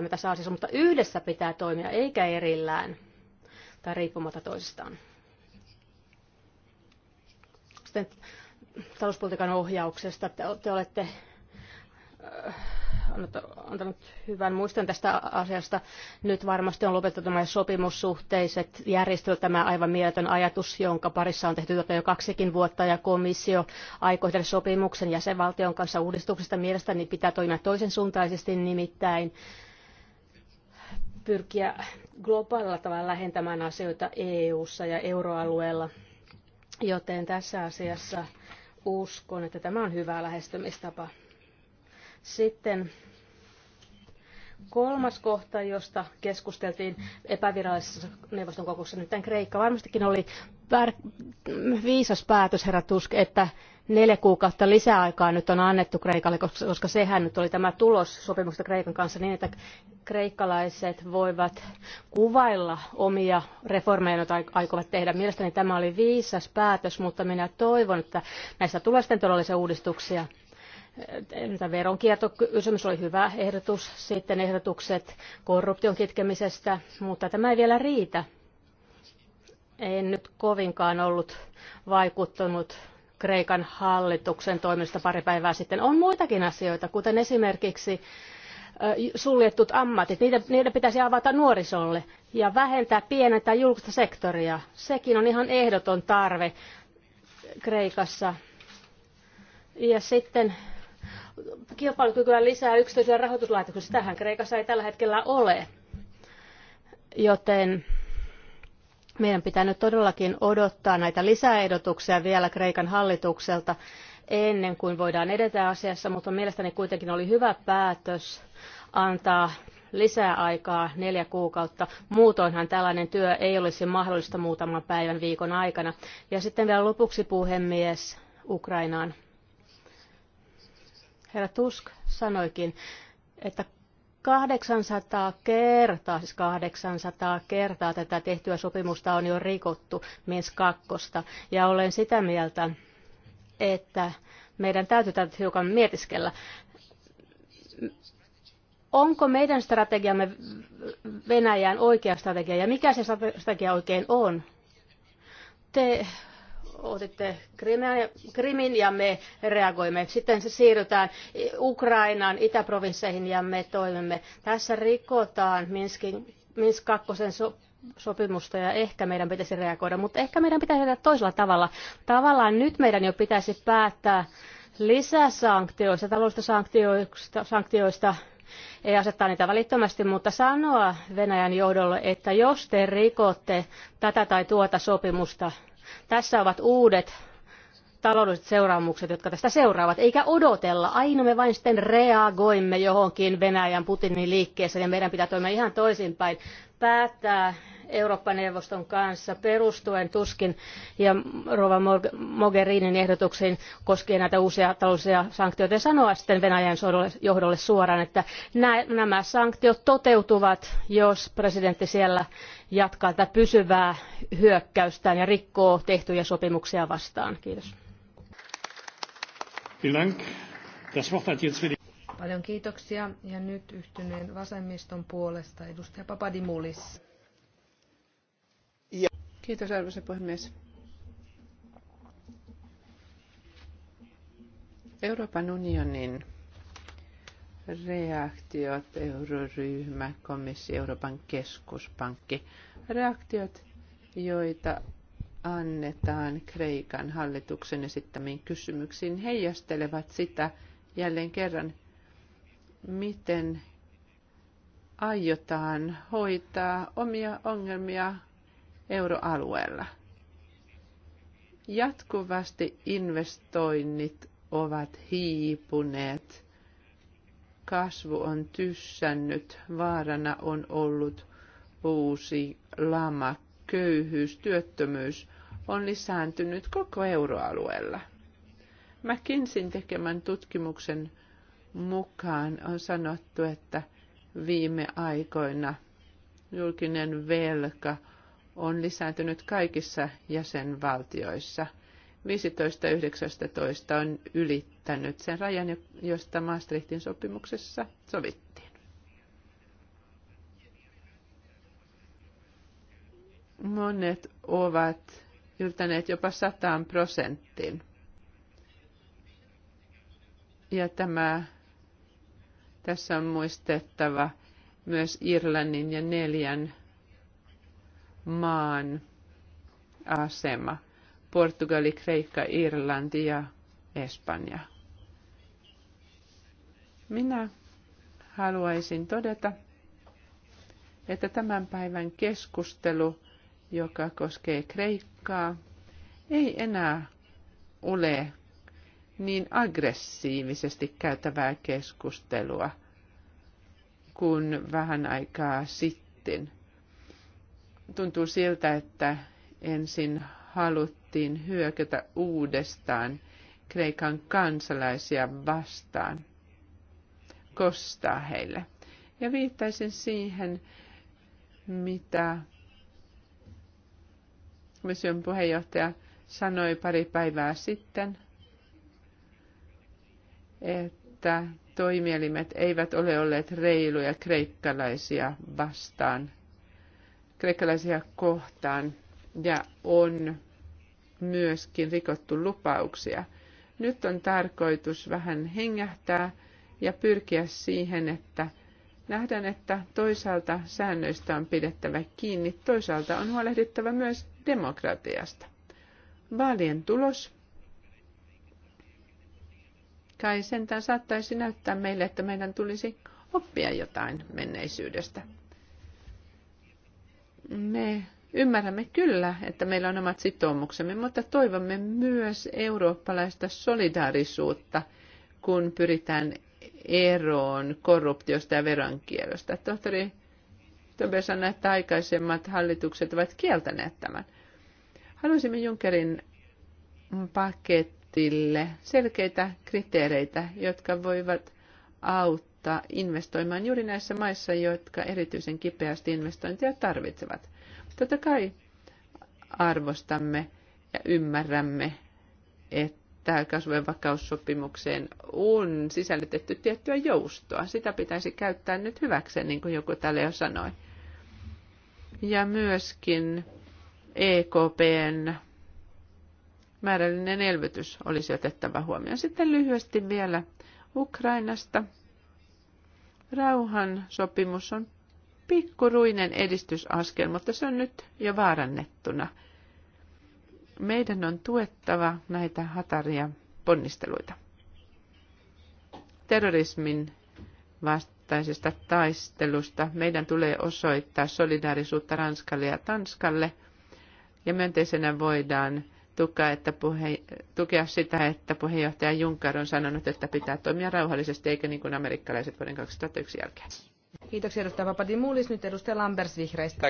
mitä saa siis, mutta yhdessä pitää toimia, eikä erillään tai riippumatta toisistaan. Sitten talouspolitiikan ohjauksesta. Te, te olette antanut hyvän muiston tästä asiasta. Nyt varmasti on lopetettu nämä sopimussuhteiset järjestelyt. Tämä aivan mieletön ajatus, jonka parissa on tehty jo kaksikin vuotta ja komissio aikoo tehdä sopimuksen jäsenvaltion kanssa uudistuksesta. Mielestäni pitää toimia toisen suuntaisesti nimittäin pyrkiä globaalilla tavalla lähentämään asioita EU-ssa ja euroalueella. Joten tässä asiassa uskon, että tämä on hyvä lähestymistapa. Sitten kolmas kohta, josta keskusteltiin epävirallisessa neuvoston kokouksessa, nyt tämän Kreikka. Varmastikin oli viisas päätös, herra Tusk, että neljä kuukautta lisäaikaa nyt on annettu Kreikalle, koska sehän nyt oli tämä tulos sopimusta Kreikan kanssa niin, että kreikkalaiset voivat kuvailla omia reformeja, joita aikovat tehdä. Mielestäni tämä oli viisas päätös, mutta minä toivon, että näistä tulee sitten todellisia uudistuksia Tämä veronkiertokysymys oli hyvä ehdotus, sitten ehdotukset korruption kitkemisestä, mutta tämä ei vielä riitä. En nyt kovinkaan ollut vaikuttunut Kreikan hallituksen toimista pari päivää sitten. On muitakin asioita, kuten esimerkiksi suljettut ammatit. Niitä, niitä pitäisi avata nuorisolle ja vähentää pienentää julkista sektoria. Sekin on ihan ehdoton tarve Kreikassa. Ja sitten kilpailukykyä lisää yksityisillä rahoituslaitoksilla. Sitähän Kreikassa ei tällä hetkellä ole. Joten meidän pitää nyt todellakin odottaa näitä lisäehdotuksia vielä Kreikan hallitukselta ennen kuin voidaan edetä asiassa, mutta mielestäni kuitenkin oli hyvä päätös antaa lisää aikaa neljä kuukautta. Muutoinhan tällainen työ ei olisi mahdollista muutaman päivän viikon aikana. Ja sitten vielä lopuksi puhemies Ukrainaan. Herra Tusk sanoikin, että 800 kertaa, siis 800 kertaa tätä tehtyä sopimusta on jo rikottu Minsk kakkosta. Ja olen sitä mieltä, että meidän täytyy tätä hiukan mietiskellä. Onko meidän strategiamme Venäjään oikea strategia ja mikä se strategia oikein on? Te otitte Krimin ja me reagoimme. Sitten se siirrytään Ukrainaan, itäprovinsseihin ja me toimimme. Tässä rikotaan Minskin, Minsk 2 sopimusta ja ehkä meidän pitäisi reagoida, mutta ehkä meidän pitäisi tehdä toisella tavalla. Tavallaan nyt meidän jo pitäisi päättää lisäsanktioista, taloudellista sanktioista, sanktioista ei asettaa niitä välittömästi, mutta sanoa Venäjän johdolle, että jos te rikotte tätä tai tuota sopimusta, tässä ovat uudet taloudelliset seuraamukset, jotka tästä seuraavat, eikä odotella. Aina me vain sitten reagoimme johonkin Venäjän Putinin liikkeeseen ja meidän pitää toimia ihan toisinpäin. Päättää Eurooppa-neuvoston kanssa perustuen Tuskin ja rouva Mogherinin ehdotuksiin koskien näitä uusia taloudellisia sanktioita ja sanoa sitten Venäjän johdolle suoraan, että nämä sanktiot toteutuvat, jos presidentti siellä jatkaa tätä pysyvää hyökkäystään ja rikkoo tehtyjä sopimuksia vastaan. Kiitos. Paljon kiitoksia. Ja nyt yhtyneen vasemmiston puolesta edustaja Papadimulis. Kiitos arvoisa puhemies. Euroopan unionin reaktiot, euroryhmä, komissio, Euroopan keskuspankki, reaktiot, joita annetaan Kreikan hallituksen esittämiin kysymyksiin, heijastelevat sitä jälleen kerran, miten aiotaan hoitaa omia ongelmia euroalueella. Jatkuvasti investoinnit ovat hiipuneet, kasvu on tyssännyt, vaarana on ollut uusi lama, köyhyys, työttömyys on lisääntynyt koko euroalueella. McKinseyn tekemän tutkimuksen mukaan on sanottu, että viime aikoina julkinen velka – on lisääntynyt kaikissa jäsenvaltioissa. 15.19 on ylittänyt sen rajan, josta Maastrichtin sopimuksessa sovittiin. Monet ovat yltäneet jopa 100 prosenttiin. Ja tämä, tässä on muistettava myös Irlannin ja neljän maan asema. Portugali, Kreikka, Irlanti ja Espanja. Minä haluaisin todeta, että tämän päivän keskustelu, joka koskee Kreikkaa, ei enää ole niin aggressiivisesti käytävää keskustelua kuin vähän aikaa sitten tuntuu siltä, että ensin haluttiin hyökätä uudestaan Kreikan kansalaisia vastaan, kostaa heille. Ja viittaisin siihen, mitä komission puheenjohtaja sanoi pari päivää sitten, että toimielimet eivät ole olleet reiluja kreikkalaisia vastaan – kreikkalaisia kohtaan ja on myöskin rikottu lupauksia. Nyt on tarkoitus vähän hengähtää ja pyrkiä siihen, että nähdään, että toisaalta säännöistä on pidettävä kiinni, toisaalta on huolehdittava myös demokratiasta. Vaalien tulos kai sentään saattaisi näyttää meille, että meidän tulisi oppia jotain menneisyydestä. Me ymmärrämme kyllä, että meillä on omat sitoumuksemme, mutta toivomme myös eurooppalaista solidaarisuutta, kun pyritään eroon korruptiosta ja veronkierrosta. Tohtori Tobe sanoi, että aikaisemmat hallitukset ovat kieltäneet tämän. Haluaisimme Junckerin paketille selkeitä kriteereitä, jotka voivat auttaa auttaa investoimaan juuri näissä maissa, jotka erityisen kipeästi investointia tarvitsevat. Totta kai arvostamme ja ymmärrämme, että kasvojen vakaussopimukseen on sisällytetty tiettyä joustoa. Sitä pitäisi käyttää nyt hyväkseen, niin kuin joku täällä jo sanoi. Ja myöskin EKPn määrällinen elvytys olisi otettava huomioon. Sitten lyhyesti vielä Ukrainasta. Rauhan sopimus on pikkuruinen edistysaskel, mutta se on nyt jo vaarannettuna. Meidän on tuettava näitä hataria ponnisteluita. Terrorismin vastaisesta taistelusta meidän tulee osoittaa solidaarisuutta Ranskalle ja Tanskalle, ja myönteisenä voidaan tukea, että puhe, tukea sitä, että puheenjohtaja Juncker on sanonut, että pitää toimia rauhallisesti eikä niin kuin amerikkalaiset vuoden 2001 jälkeen. Kiitoksia edustaja Papadimoulis. Nyt edustaja Lambers vihreistä.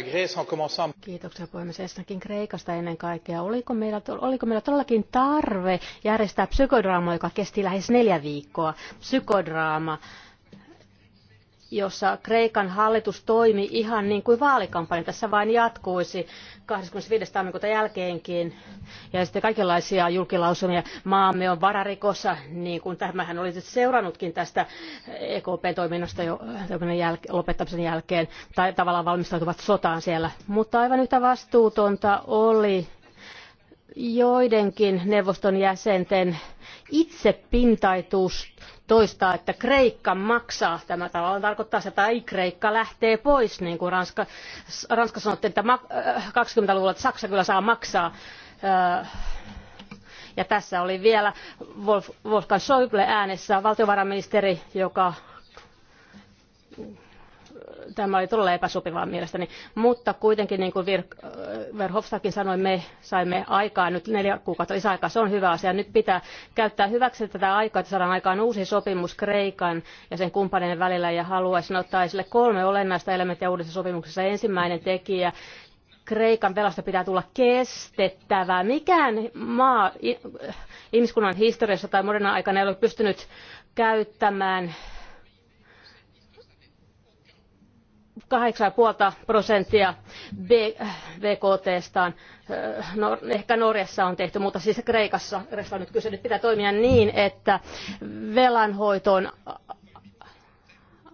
Kiitoksia puhemies ensinnäkin Kreikasta ennen kaikkea. Oliko meillä, oliko meillä todellakin tarve järjestää psykodraama, joka kesti lähes neljä viikkoa? Psykodraama jossa Kreikan hallitus toimi ihan niin kuin vaalikampanja tässä vain jatkuisi 25. tammikuuta jälkeenkin. Ja sitten kaikenlaisia julkilausumia. Maamme on vararikossa, niin kuin tämähän olisi seurannutkin tästä EKP-toiminnasta jo, lopettamisen jälkeen, tai tavallaan valmistautuvat sotaan siellä. Mutta aivan yhtä vastuutonta oli joidenkin neuvoston jäsenten itsepintaisuus toistaa, että Kreikka maksaa. Tämä tavallaan tarkoittaa sitä, että ei Kreikka lähtee pois, niin kuin Ranska, sanottiin, että 20-luvulla äh, että Saksa kyllä saa maksaa. Äh, ja tässä oli vielä Wolfgang Schäuble äänessä, valtiovarainministeri, joka tämä oli todella epäsopivaa mielestäni. Mutta kuitenkin, niin kuin Verhofstadtkin sanoi, me saimme aikaa nyt neljä kuukautta lisäaikaa. Se on hyvä asia. Nyt pitää käyttää hyväksi tätä aikaa, että saadaan aikaan uusi sopimus Kreikan ja sen kumppaneiden välillä. Ja haluaisin ottaa esille kolme olennaista elementtiä uudessa sopimuksessa. Ensimmäinen tekijä, Kreikan velasta pitää tulla kestettävää. Mikään maa ihmiskunnan historiassa tai moderna aikana ei ole pystynyt käyttämään 8,5 prosenttia BKTstaan. Öö, no, ehkä Norjassa on tehty, mutta siis Kreikassa on nyt kyse. Nyt pitää toimia niin, että velanhoito on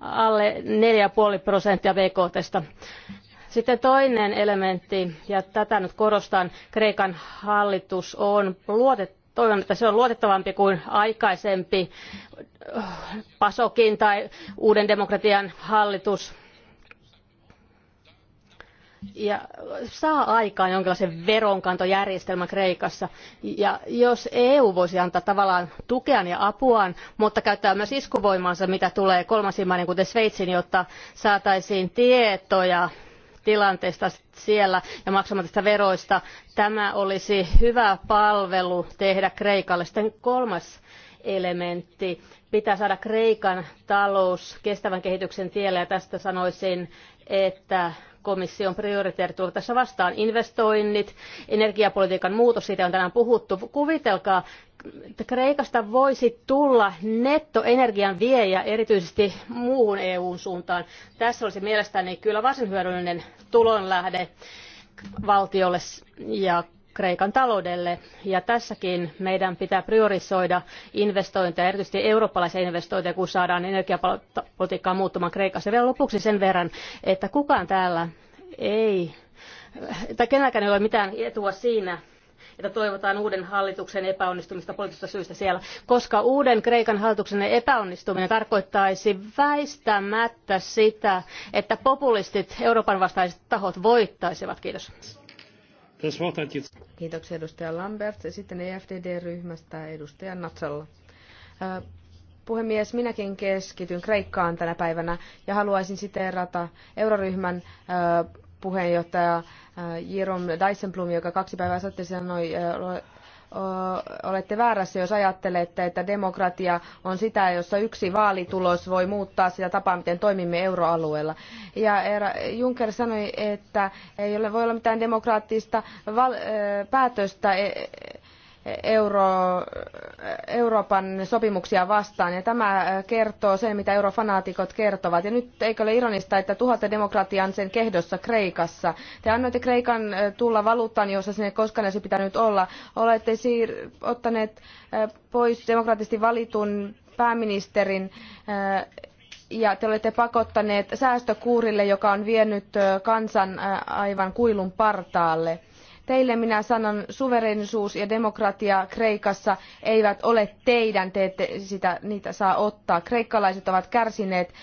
alle 4,5 prosenttia BKTstä. Sitten toinen elementti, ja tätä nyt korostan, Kreikan hallitus on luotettu toivon, että se on luotettavampi kuin aikaisempi öö, PASOKin tai uuden demokratian hallitus ja saa aikaan jonkinlaisen veronkantojärjestelmän Kreikassa. Ja jos EU voisi antaa tavallaan tukeaan ja apuaan, mutta käyttää myös iskuvoimansa, mitä tulee kolmansiin maiden, kuten Sveitsiin, jotta saataisiin tietoja tilanteesta siellä ja maksamattomista veroista. Tämä olisi hyvä palvelu tehdä Kreikalle. Sitten kolmas elementti. Pitää saada Kreikan talous kestävän kehityksen tielle ja tästä sanoisin että komission prioriteetit tulevat tässä vastaan. Investoinnit, energiapolitiikan muutos, siitä on tänään puhuttu. Kuvitelkaa, että Kreikasta voisi tulla nettoenergian viejä erityisesti muuhun EUn suuntaan. Tässä olisi mielestäni kyllä varsin hyödyllinen tulonlähde valtiolle ja Kreikan taloudelle. Ja tässäkin meidän pitää priorisoida investointeja, erityisesti eurooppalaisia investointeja, kun saadaan energiapolitiikkaa muuttumaan Kreikassa. vielä lopuksi sen verran, että kukaan täällä ei, tai kenelläkään ei ole mitään etua siinä, että toivotaan uuden hallituksen epäonnistumista poliittisista syistä siellä, koska uuden Kreikan hallituksen epäonnistuminen tarkoittaisi väistämättä sitä, että populistit Euroopan vastaiset tahot voittaisivat. Kiitos. Kiitoksia edustaja Lambert. Sitten EFDD-ryhmästä edustaja Natsalla. Puhemies, minäkin keskityn Kreikkaan tänä päivänä ja haluaisin siteerata euroryhmän puheenjohtaja Jerome Dijsselbloem, joka kaksi päivää sitten sanoi olette väärässä, jos ajattelette, että demokratia on sitä, jossa yksi vaalitulos voi muuttaa sitä tapaa, miten toimimme euroalueella. Ja Juncker sanoi, että ei ole, voi olla mitään demokraattista päätöstä e, Euro, Euroopan sopimuksia vastaan. Ja tämä kertoo sen, mitä eurofanaatikot kertovat. Ja nyt eikö ole ironista, että tuhatte demokratian sen kehdossa Kreikassa. Te annoitte Kreikan tulla valuuttaan, jossa sinne koskaan olisi pitänyt olla. Olette siir- ottaneet pois demokraattisesti valitun pääministerin ja te olette pakottaneet säästökuurille, joka on vienyt kansan aivan kuilun partaalle Teille minä sanon, suverenisuus ja demokratia Kreikassa eivät ole teidän, te ette sitä, niitä saa ottaa. Kreikkalaiset ovat kärsineet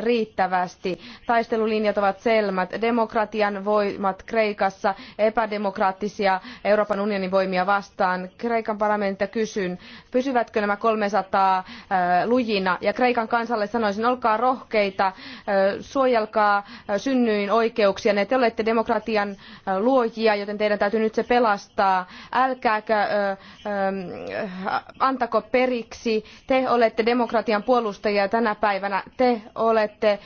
riittävästi. Taistelulinjat ovat selmät. Demokratian voimat Kreikassa, epädemokraattisia Euroopan unionin voimia vastaan. Kreikan parlamentilta kysyn, pysyvätkö nämä 300 äh, lujina? Ja Kreikan kansalle sanoisin, olkaa rohkeita, äh, suojelkaa synnyin oikeuksia. Ne te olette demokratian luojia, joten teidän meidän täytyy nyt se pelastaa. Älkääkö, ö, ö, antako periksi. Te olette demokratian puolustajia tänä päivänä. Te olette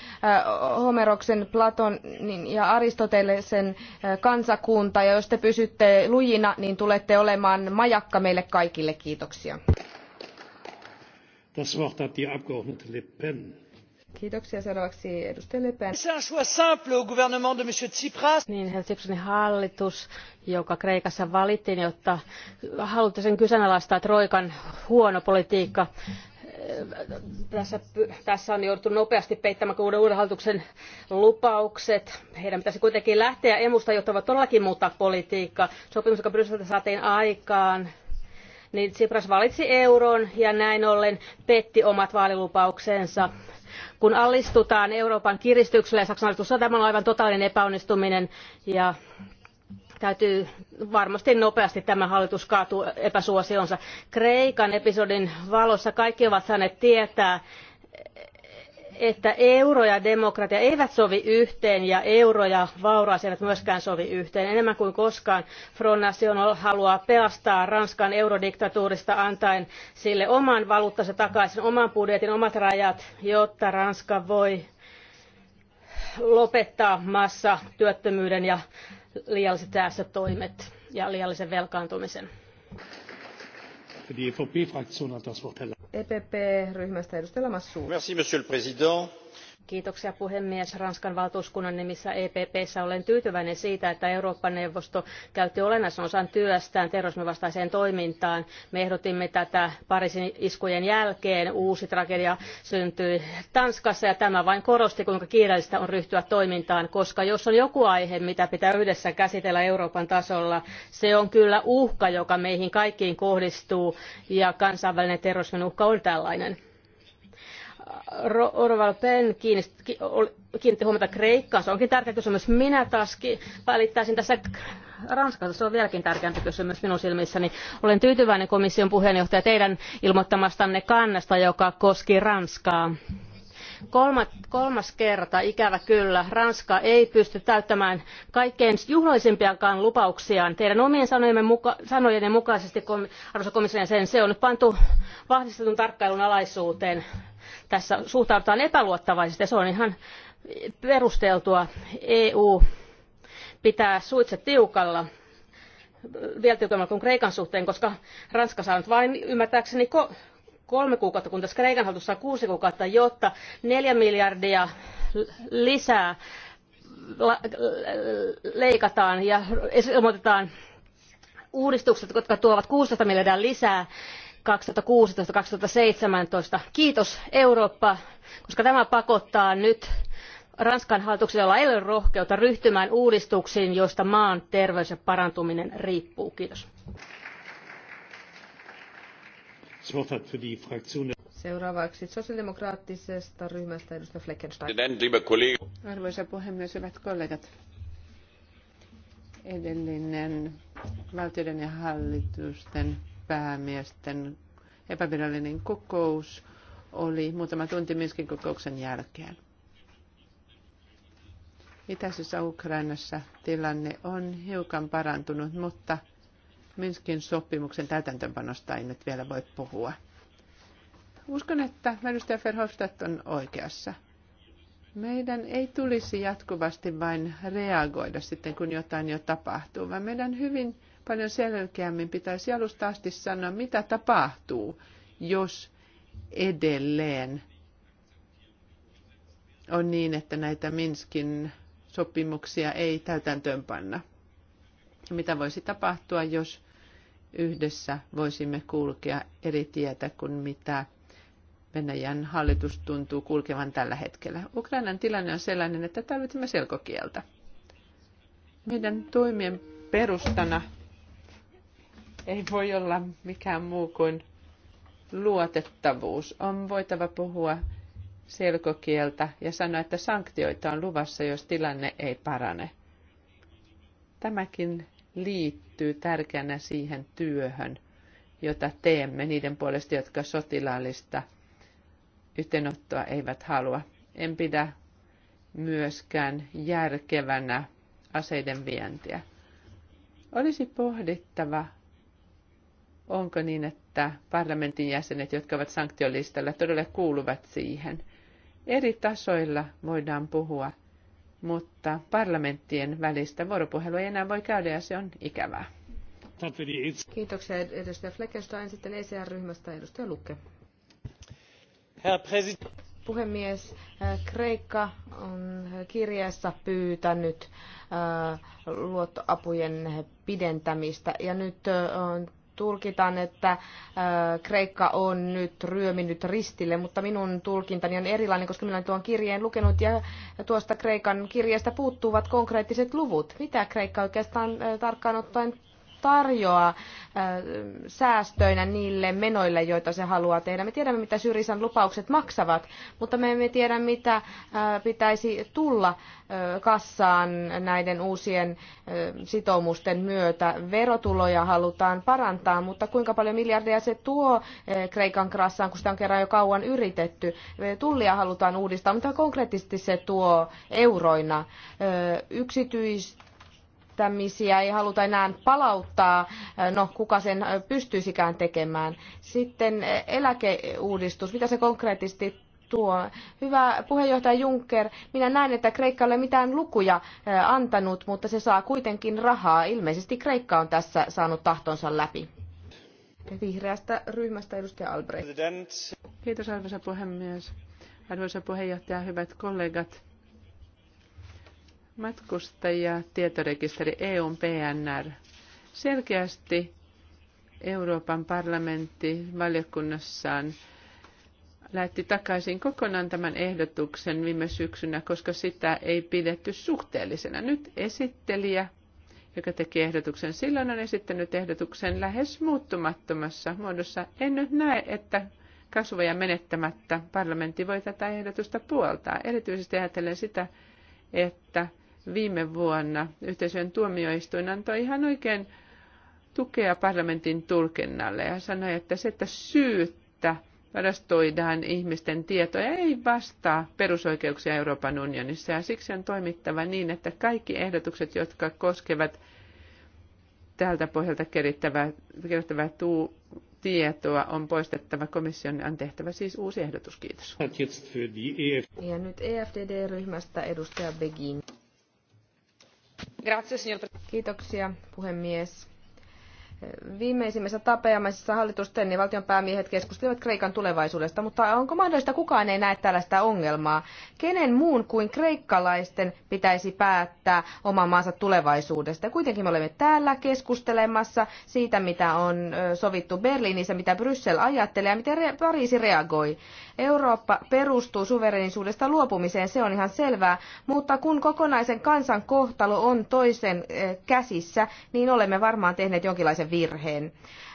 ö, Homeroksen, Platonin ja Aristotelesen kansakunta. Ja jos te pysytte lujina, niin tulette olemaan majakka meille kaikille. Kiitoksia. Das Wort hat die Abgeordnete Le Pen. Kiitoksia. Seuraavaksi edustaja Le Pen. Niin, herra hallitus, joka Kreikassa valittiin, jotta halutti sen kyseenalaistaa Troikan huono politiikka. Eh, tässä, tässä on jouduttu nopeasti peittämään uuden, uuden hallituksen lupaukset. Heidän pitäisi kuitenkin lähteä emusta, jotta voivat todellakin muuttaa politiikkaa. Sopimus, joka Brysseltä saatiin aikaan, niin Tsipras valitsi euron ja näin ollen petti omat vaalilupauksensa kun alistutaan euroopan kiristykselle ja saksan alistus tämä on aivan totaalinen epäonnistuminen ja täytyy varmasti nopeasti tämä hallitus kaatuu epäsuosioonsa. kreikan episodin valossa kaikki ovat saaneet tietää että euro ja demokratia eivät sovi yhteen ja euro ja vauraus eivät myöskään sovi yhteen. Enemmän kuin koskaan Front National haluaa pelastaa Ranskan eurodiktatuurista antaen sille oman valuuttansa takaisin, oman budjetin, omat rajat, jotta Ranska voi lopettaa massatyöttömyyden työttömyyden ja liialliset säästötoimet ja liiallisen velkaantumisen. EPP-ryhmästä e e edustaja Lamassu. Merci, monsieur le président. Kiitoksia puhemies. Ranskan valtuuskunnan nimissä EPPssä olen tyytyväinen siitä, että Eurooppa-neuvosto käytti olennaisen osan työstään terrorismivastaiseen toimintaan. Me ehdotimme tätä Pariisin iskujen jälkeen. Uusi tragedia syntyi Tanskassa ja tämä vain korosti, kuinka kiireellistä on ryhtyä toimintaan, koska jos on joku aihe, mitä pitää yhdessä käsitellä Euroopan tasolla, se on kyllä uhka, joka meihin kaikkiin kohdistuu ja kansainvälinen terrorismin uhka on tällainen Orval Pen kiinnitti, huomiota Kreikkaan. Se onkin tärkeä kysymys. Minä taas välittäisin tässä Ranskassa. Se on vieläkin tärkeämpi kysymys minun silmissäni. Olen tyytyväinen komission puheenjohtaja teidän ilmoittamastanne kannasta, joka koski Ranskaa. Kolmat, kolmas kerta, ikävä kyllä, Ranska ei pysty täyttämään kaikkein juhlallisimpiakaan lupauksiaan. Teidän omien sanojenne, muka, sanojenne mukaisesti, arvoisa komission sen, se on nyt pantu vahvistetun tarkkailun alaisuuteen tässä suhtaudutaan epäluottavaisesti. Se on ihan perusteltua. EU pitää suitset tiukalla vielä tiukemmalla kuin Kreikan suhteen, koska Ranska saa nyt vain ymmärtääkseni kolme kuukautta, kun tässä Kreikan hallitus saa kuusi kuukautta, jotta neljä miljardia lisää leikataan ja ilmoitetaan uudistukset, jotka tuovat 16 miljardia lisää kaksituhatta kaksituhatta kiitos eurooppa koska tämä pakottaa nyt ranskan hallituksen jolla ei ole rohkeutta ryhtymään uudistuksiin joista maan terveys ja parantuminen riippuu. kiitos. Seuraavaksi sosiaalidemokraattisesta ryhmästä edustaja Fleckenstein. Arvoisa puhemies, hyvät kollegat. Edellinen valtioiden ja hallitusten päämiesten epävirallinen kokous oli muutama tunti Minskin kokouksen jälkeen. Itäisessä Ukrainassa tilanne on hiukan parantunut, mutta Minskin sopimuksen täytäntöönpanosta ei nyt vielä voi puhua. Uskon, että edustaja Verhofstadt on oikeassa. Meidän ei tulisi jatkuvasti vain reagoida sitten, kun jotain jo tapahtuu, vaan meidän hyvin Paljon selkeämmin pitäisi alusta asti sanoa, mitä tapahtuu, jos edelleen on niin, että näitä Minskin sopimuksia ei panna. Mitä voisi tapahtua, jos yhdessä voisimme kulkea eri tietä kuin mitä Venäjän hallitus tuntuu kulkevan tällä hetkellä. Ukrainan tilanne on sellainen, että tarvitsemme selkokieltä. Meidän toimien perustana ei voi olla mikään muu kuin luotettavuus. On voitava puhua selkokieltä ja sanoa, että sanktioita on luvassa, jos tilanne ei parane. Tämäkin liittyy tärkeänä siihen työhön, jota teemme niiden puolesta, jotka sotilaallista yhteenottoa eivät halua. En pidä myöskään järkevänä aseiden vientiä. Olisi pohdittava, onko niin, että parlamentin jäsenet, jotka ovat sanktiolistalla, todella kuuluvat siihen. Eri tasoilla voidaan puhua, mutta parlamenttien välistä vuoropuhelua ei enää voi käydä ja se on ikävää. Kiitoksia edustaja Fleckenstein. Sitten ECR-ryhmästä edustaja Lukke. Herr Puhemies, äh, Kreikka on kirjeessä pyytänyt äh, luottoapujen pidentämistä ja nyt äh, on tulkitaan, että Kreikka on nyt ryöminyt ristille, mutta minun tulkintani on erilainen, koska minä olen tuon kirjeen lukenut ja tuosta Kreikan kirjeestä puuttuvat konkreettiset luvut. Mitä Kreikka oikeastaan tarkkaan ottaen tarjoaa äh, säästöinä niille menoille, joita se haluaa tehdä. Me tiedämme, mitä Syrisan lupaukset maksavat, mutta me emme tiedä, mitä äh, pitäisi tulla äh, kassaan näiden uusien sitoumusten myötä. Verotuloja halutaan parantaa, mutta kuinka paljon miljardeja se tuo Kreikan krassaan, kun sitä on kerran jo kauan yritetty. Tullia halutaan uudistaa, mutta konkreettisesti se tuo euroina yksityistä lähettämisiä ei haluta enää palauttaa, no kuka sen pystyisikään tekemään. Sitten eläkeuudistus, mitä se konkreettisesti tuo. Hyvä puheenjohtaja Juncker, minä näen, että Kreikka ei ole mitään lukuja antanut, mutta se saa kuitenkin rahaa. Ilmeisesti Kreikka on tässä saanut tahtonsa läpi. Vihreästä ryhmästä edustaja Albrecht. Kiitos arvoisa puhemies. Arvoisa puheenjohtaja, hyvät kollegat matkustajia, tietorekisteri EUn PNR. Selkeästi Euroopan parlamentti valiokunnassaan lähti takaisin kokonaan tämän ehdotuksen viime syksynä, koska sitä ei pidetty suhteellisena. Nyt esittelijä, joka teki ehdotuksen silloin, on esittänyt ehdotuksen lähes muuttumattomassa muodossa. En nyt näe, että kasvoja menettämättä parlamentti voi tätä ehdotusta puoltaa, erityisesti ajatellen sitä, että viime vuonna yhteisön tuomioistuin antoi ihan oikein tukea parlamentin tulkinnalle ja sanoi, että se, että syyttä varastoidaan ihmisten tietoja, ei vastaa perusoikeuksia Euroopan unionissa. Ja siksi on toimittava niin, että kaikki ehdotukset, jotka koskevat tältä pohjalta kerättävää, kerättävää tuu, tietoa, on poistettava komission on tehtävä siis uusi ehdotus. Kiitos. E ja nyt EFDD-ryhmästä edustaja Begin. Kiitoksia puhemies. Viimeisimmässä tapeamaisessa hallitusten ja valtion päämiehet keskustelivat Kreikan tulevaisuudesta, mutta onko mahdollista kukaan ei näe tällaista ongelmaa? Kenen muun kuin kreikkalaisten pitäisi päättää oman maansa tulevaisuudesta? Kuitenkin me olemme täällä keskustelemassa siitä, mitä on sovittu Berliinissä, mitä Bryssel ajattelee ja miten Pariisi reagoi. Eurooppa perustuu suverenisuudesta luopumiseen, se on ihan selvää, mutta kun kokonaisen kansan kohtalo on toisen käsissä, niin olemme varmaan tehneet jonkinlaisen historiallisen virheen.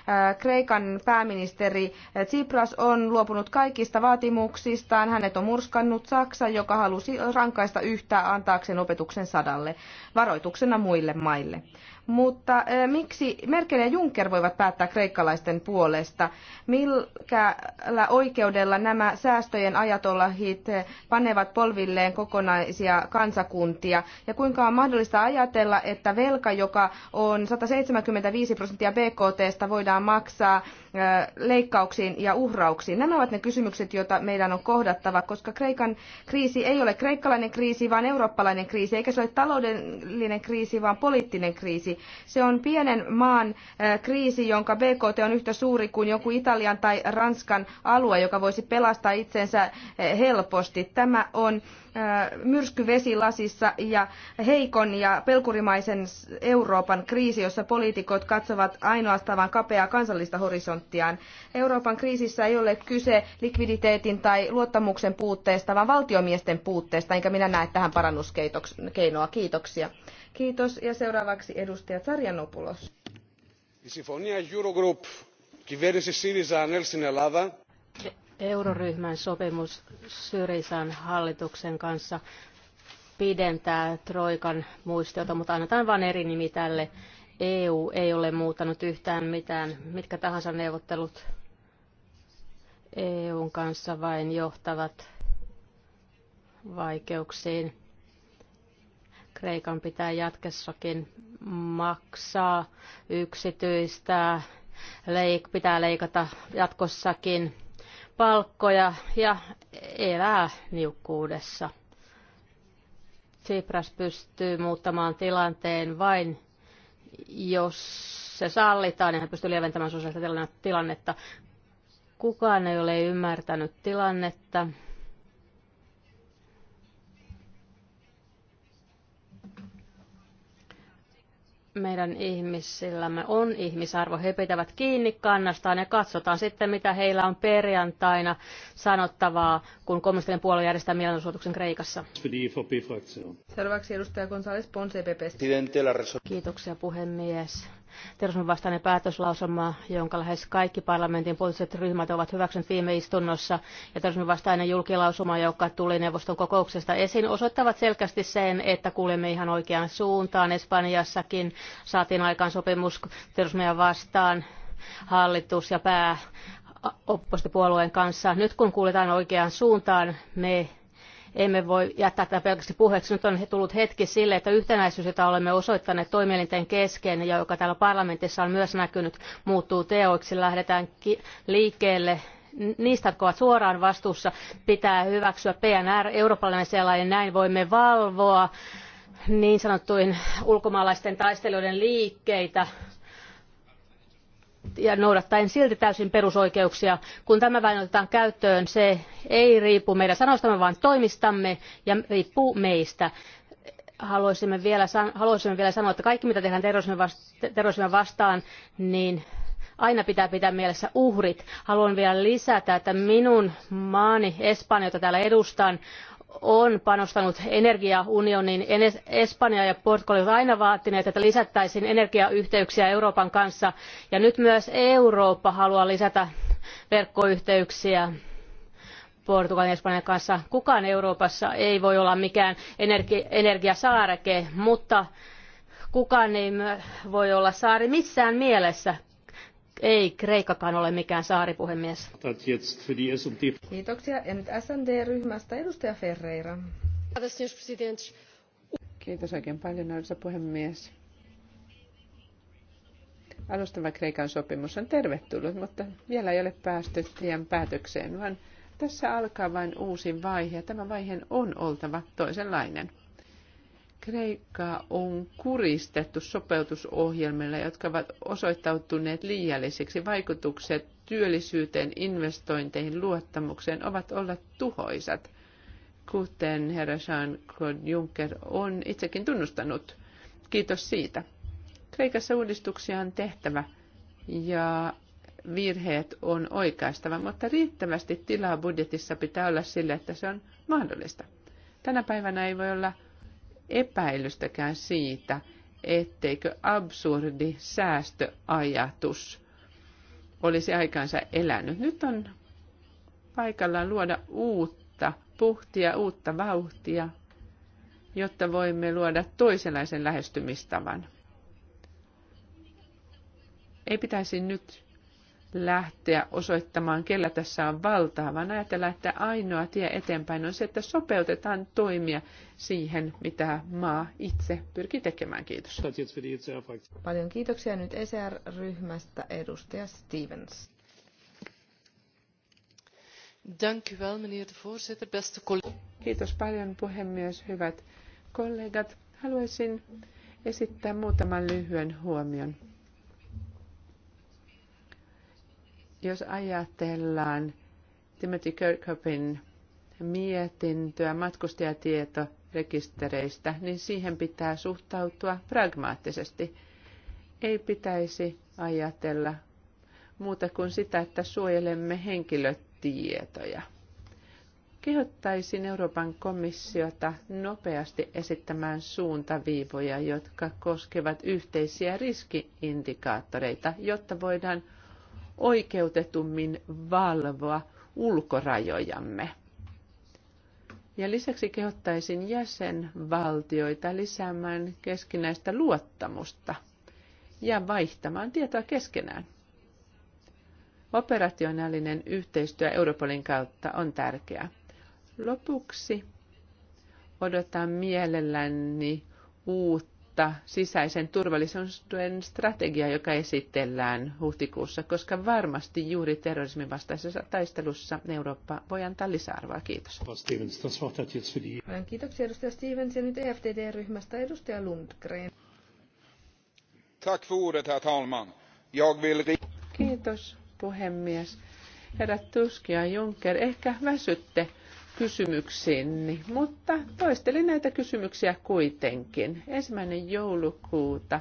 Äh, Kreikan pääministeri Tsipras on luopunut kaikista vaatimuksistaan. Hänet on murskannut Saksa, joka halusi rankaista yhtä antaakseen opetuksen sadalle, varoituksena muille maille. Mutta eh, miksi Merkel ja Juncker voivat päättää kreikkalaisten puolesta? Millä oikeudella nämä säästöjen ajatollahit eh, panevat polvilleen kokonaisia kansakuntia? Ja kuinka on mahdollista ajatella, että velka, joka on 175 prosenttia BKTstä, voidaan maksaa eh, leikkauksiin ja uhrauksiin? Nämä ovat ne kysymykset, joita meidän on kohdattava, koska Kreikan kriisi ei ole kreikkalainen kriisi, vaan eurooppalainen kriisi, eikä se ole taloudellinen kriisi, vaan poliittinen kriisi se on pienen maan kriisi, jonka BKT on yhtä suuri kuin joku Italian tai Ranskan alue, joka voisi pelastaa itsensä helposti. Tämä on myrsky vesilasissa ja heikon ja pelkurimaisen Euroopan kriisi, jossa poliitikot katsovat ainoastaan vain kapeaa kansallista horisonttiaan. Euroopan kriisissä ei ole kyse likviditeetin tai luottamuksen puutteesta, vaan valtiomiesten puutteesta, enkä minä näe tähän parannuskeinoa. Kiitoksia. Kiitos ja seuraavaksi edustaja Tsarjanopoulos. Η συμφωνία Eurogroup κυβέρνηση ΣΥΡΙΖΑ στην Ελλάδα. Euroryhmän sopimus Syrizan hallituksen kanssa pidentää Troikan muistiota, mutta annetaan vain eri nimi tälle. EU ei ole muuttanut yhtään mitään, mitkä tahansa neuvottelut EUn kanssa vain johtavat vaikeuksiin. Kreikan pitää jatkossakin maksaa yksityistä, leik- pitää leikata jatkossakin palkkoja ja elää niukkuudessa. Tsipras pystyy muuttamaan tilanteen vain, jos se sallitaan ja hän pystyy lieventämään sosiaalista tilannetta. Kukaan ei ole ymmärtänyt tilannetta. meidän ihmisillämme on ihmisarvo. He pitävät kiinni kannastaan ja katsotaan sitten, mitä heillä on perjantaina sanottavaa, kun kommunistinen puolue järjestää mielenosoituksen Kreikassa. Seuraavaksi edustaja González Ponce Kiitoksia puhemies terrorismin vastainen päätöslauselma, jonka lähes kaikki parlamentin poliittiset ryhmät ovat hyväksyneet viime istunnossa, ja terrorismin vastainen julkilausuma, joka tuli neuvoston kokouksesta esiin, osoittavat selkeästi sen, että kuljemme ihan oikeaan suuntaan. Espanjassakin saatiin aikaan sopimus terrorismia vastaan hallitus ja pää oppostipuolueen kanssa. Nyt kun kuljetaan oikeaan suuntaan, me emme voi jättää tätä pelkästään puheeksi. Nyt on tullut hetki sille, että yhtenäisyys, jota olemme osoittaneet toimielinten kesken ja joka täällä parlamentissa on myös näkynyt, muuttuu teoiksi. Lähdetään liikkeelle niistä, jotka ovat suoraan vastuussa, pitää hyväksyä PNR, eurooppalainen sellainen, näin voimme valvoa niin sanottujen ulkomaalaisten taistelijoiden liikkeitä ja noudattaen silti täysin perusoikeuksia. kun tämä vain otetaan käyttöön se ei riipu meidän sanoistamme vaan toimistamme ja riippuu meistä. haluaisimme vielä, haluaisimme vielä sanoa että kaikki mitä tehdään terrorismia vastaan niin aina pitää pitää mielessä uhrit. haluan vielä lisätä että minun maani espanja jota täällä edustan on panostanut energiaunioniin. Espanja ja Portugali ovat aina vaatineet, että lisättäisiin energiayhteyksiä Euroopan kanssa. Ja nyt myös Eurooppa haluaa lisätä verkkoyhteyksiä Portugalin ja Espanjan kanssa. Kukaan Euroopassa ei voi olla mikään energiasaareke, mutta kukaan ei voi olla saari missään mielessä ei Kreikakaan ole mikään saaripuhemies. Kiitoksia. Ja nyt SND-ryhmästä edustaja Ferreira. Kiitos oikein paljon, arvoisa puhemies. Alustava Kreikan sopimus on tervetullut, mutta vielä ei ole päästy tien päätökseen, vaan tässä alkaa vain uusi vaihe. Tämän vaiheen on oltava toisenlainen. Kreikkaa on kuristettu sopeutusohjelmilla, jotka ovat osoittautuneet liiallisiksi. Vaikutukset työllisyyteen, investointeihin, luottamukseen ovat olleet tuhoisat, kuten herra Jean-Claude Juncker on itsekin tunnustanut. Kiitos siitä. Kreikassa uudistuksia on tehtävä ja virheet on oikaistava, mutta riittävästi tilaa budjetissa pitää olla sille, että se on mahdollista. Tänä päivänä ei voi olla epäilystäkään siitä, etteikö absurdi säästöajatus olisi aikansa elänyt. Nyt on paikallaan luoda uutta puhtia, uutta vauhtia, jotta voimme luoda toisenlaisen lähestymistavan. Ei pitäisi nyt lähteä osoittamaan, kellä tässä on valtaa, vaan ajatella, että ainoa tie eteenpäin on se, että sopeutetaan toimia siihen, mitä maa itse pyrkii tekemään. Kiitos. Paljon kiitoksia nyt ECR-ryhmästä edustaja Stevens. Kiitos paljon puhemies, hyvät kollegat. Haluaisin esittää muutaman lyhyen huomion Jos ajatellaan Timothy Kirkhopin mietintöä matkustajatietorekistereistä, niin siihen pitää suhtautua pragmaattisesti. Ei pitäisi ajatella muuta kuin sitä, että suojelemme henkilötietoja. Kehottaisin Euroopan komissiota nopeasti esittämään suuntaviivoja, jotka koskevat yhteisiä riskiindikaattoreita, jotta voidaan oikeutetummin valvoa ulkorajojamme. Ja lisäksi kehottaisin jäsenvaltioita lisäämään keskinäistä luottamusta ja vaihtamaan tietoa keskenään. Operationaalinen yhteistyö Europolin kautta on tärkeää. Lopuksi odotan mielelläni uutta uutta sisäisen turvallisuuden strategiaa, joka esitellään huhtikuussa, koska varmasti juuri terrorismin vastaisessa taistelussa Eurooppa voi antaa lisäarvoa. Kiitos. Kiitoksia edustaja Stevens ja nyt EFTD-ryhmästä edustaja Lundgren. Tack för ordet, herr talman. Jag vill... Kiitos, puhemies. Herrat Tusk ja Juncker, ehkä väsytte kysymyksiin, mutta toistelin näitä kysymyksiä kuitenkin. Ensimmäinen joulukuuta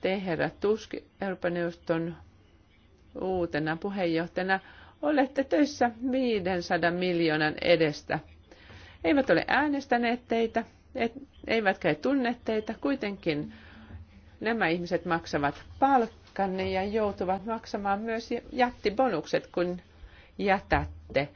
te, herra Tusk, Euroopan neuvoston uutena puheenjohtajana, olette töissä 500 miljoonan edestä. Eivät ole äänestäneet teitä, et, eivätkä he tunne teitä. Kuitenkin nämä ihmiset maksavat palkkanne ja joutuvat maksamaan myös jättibonukset, kun jätätte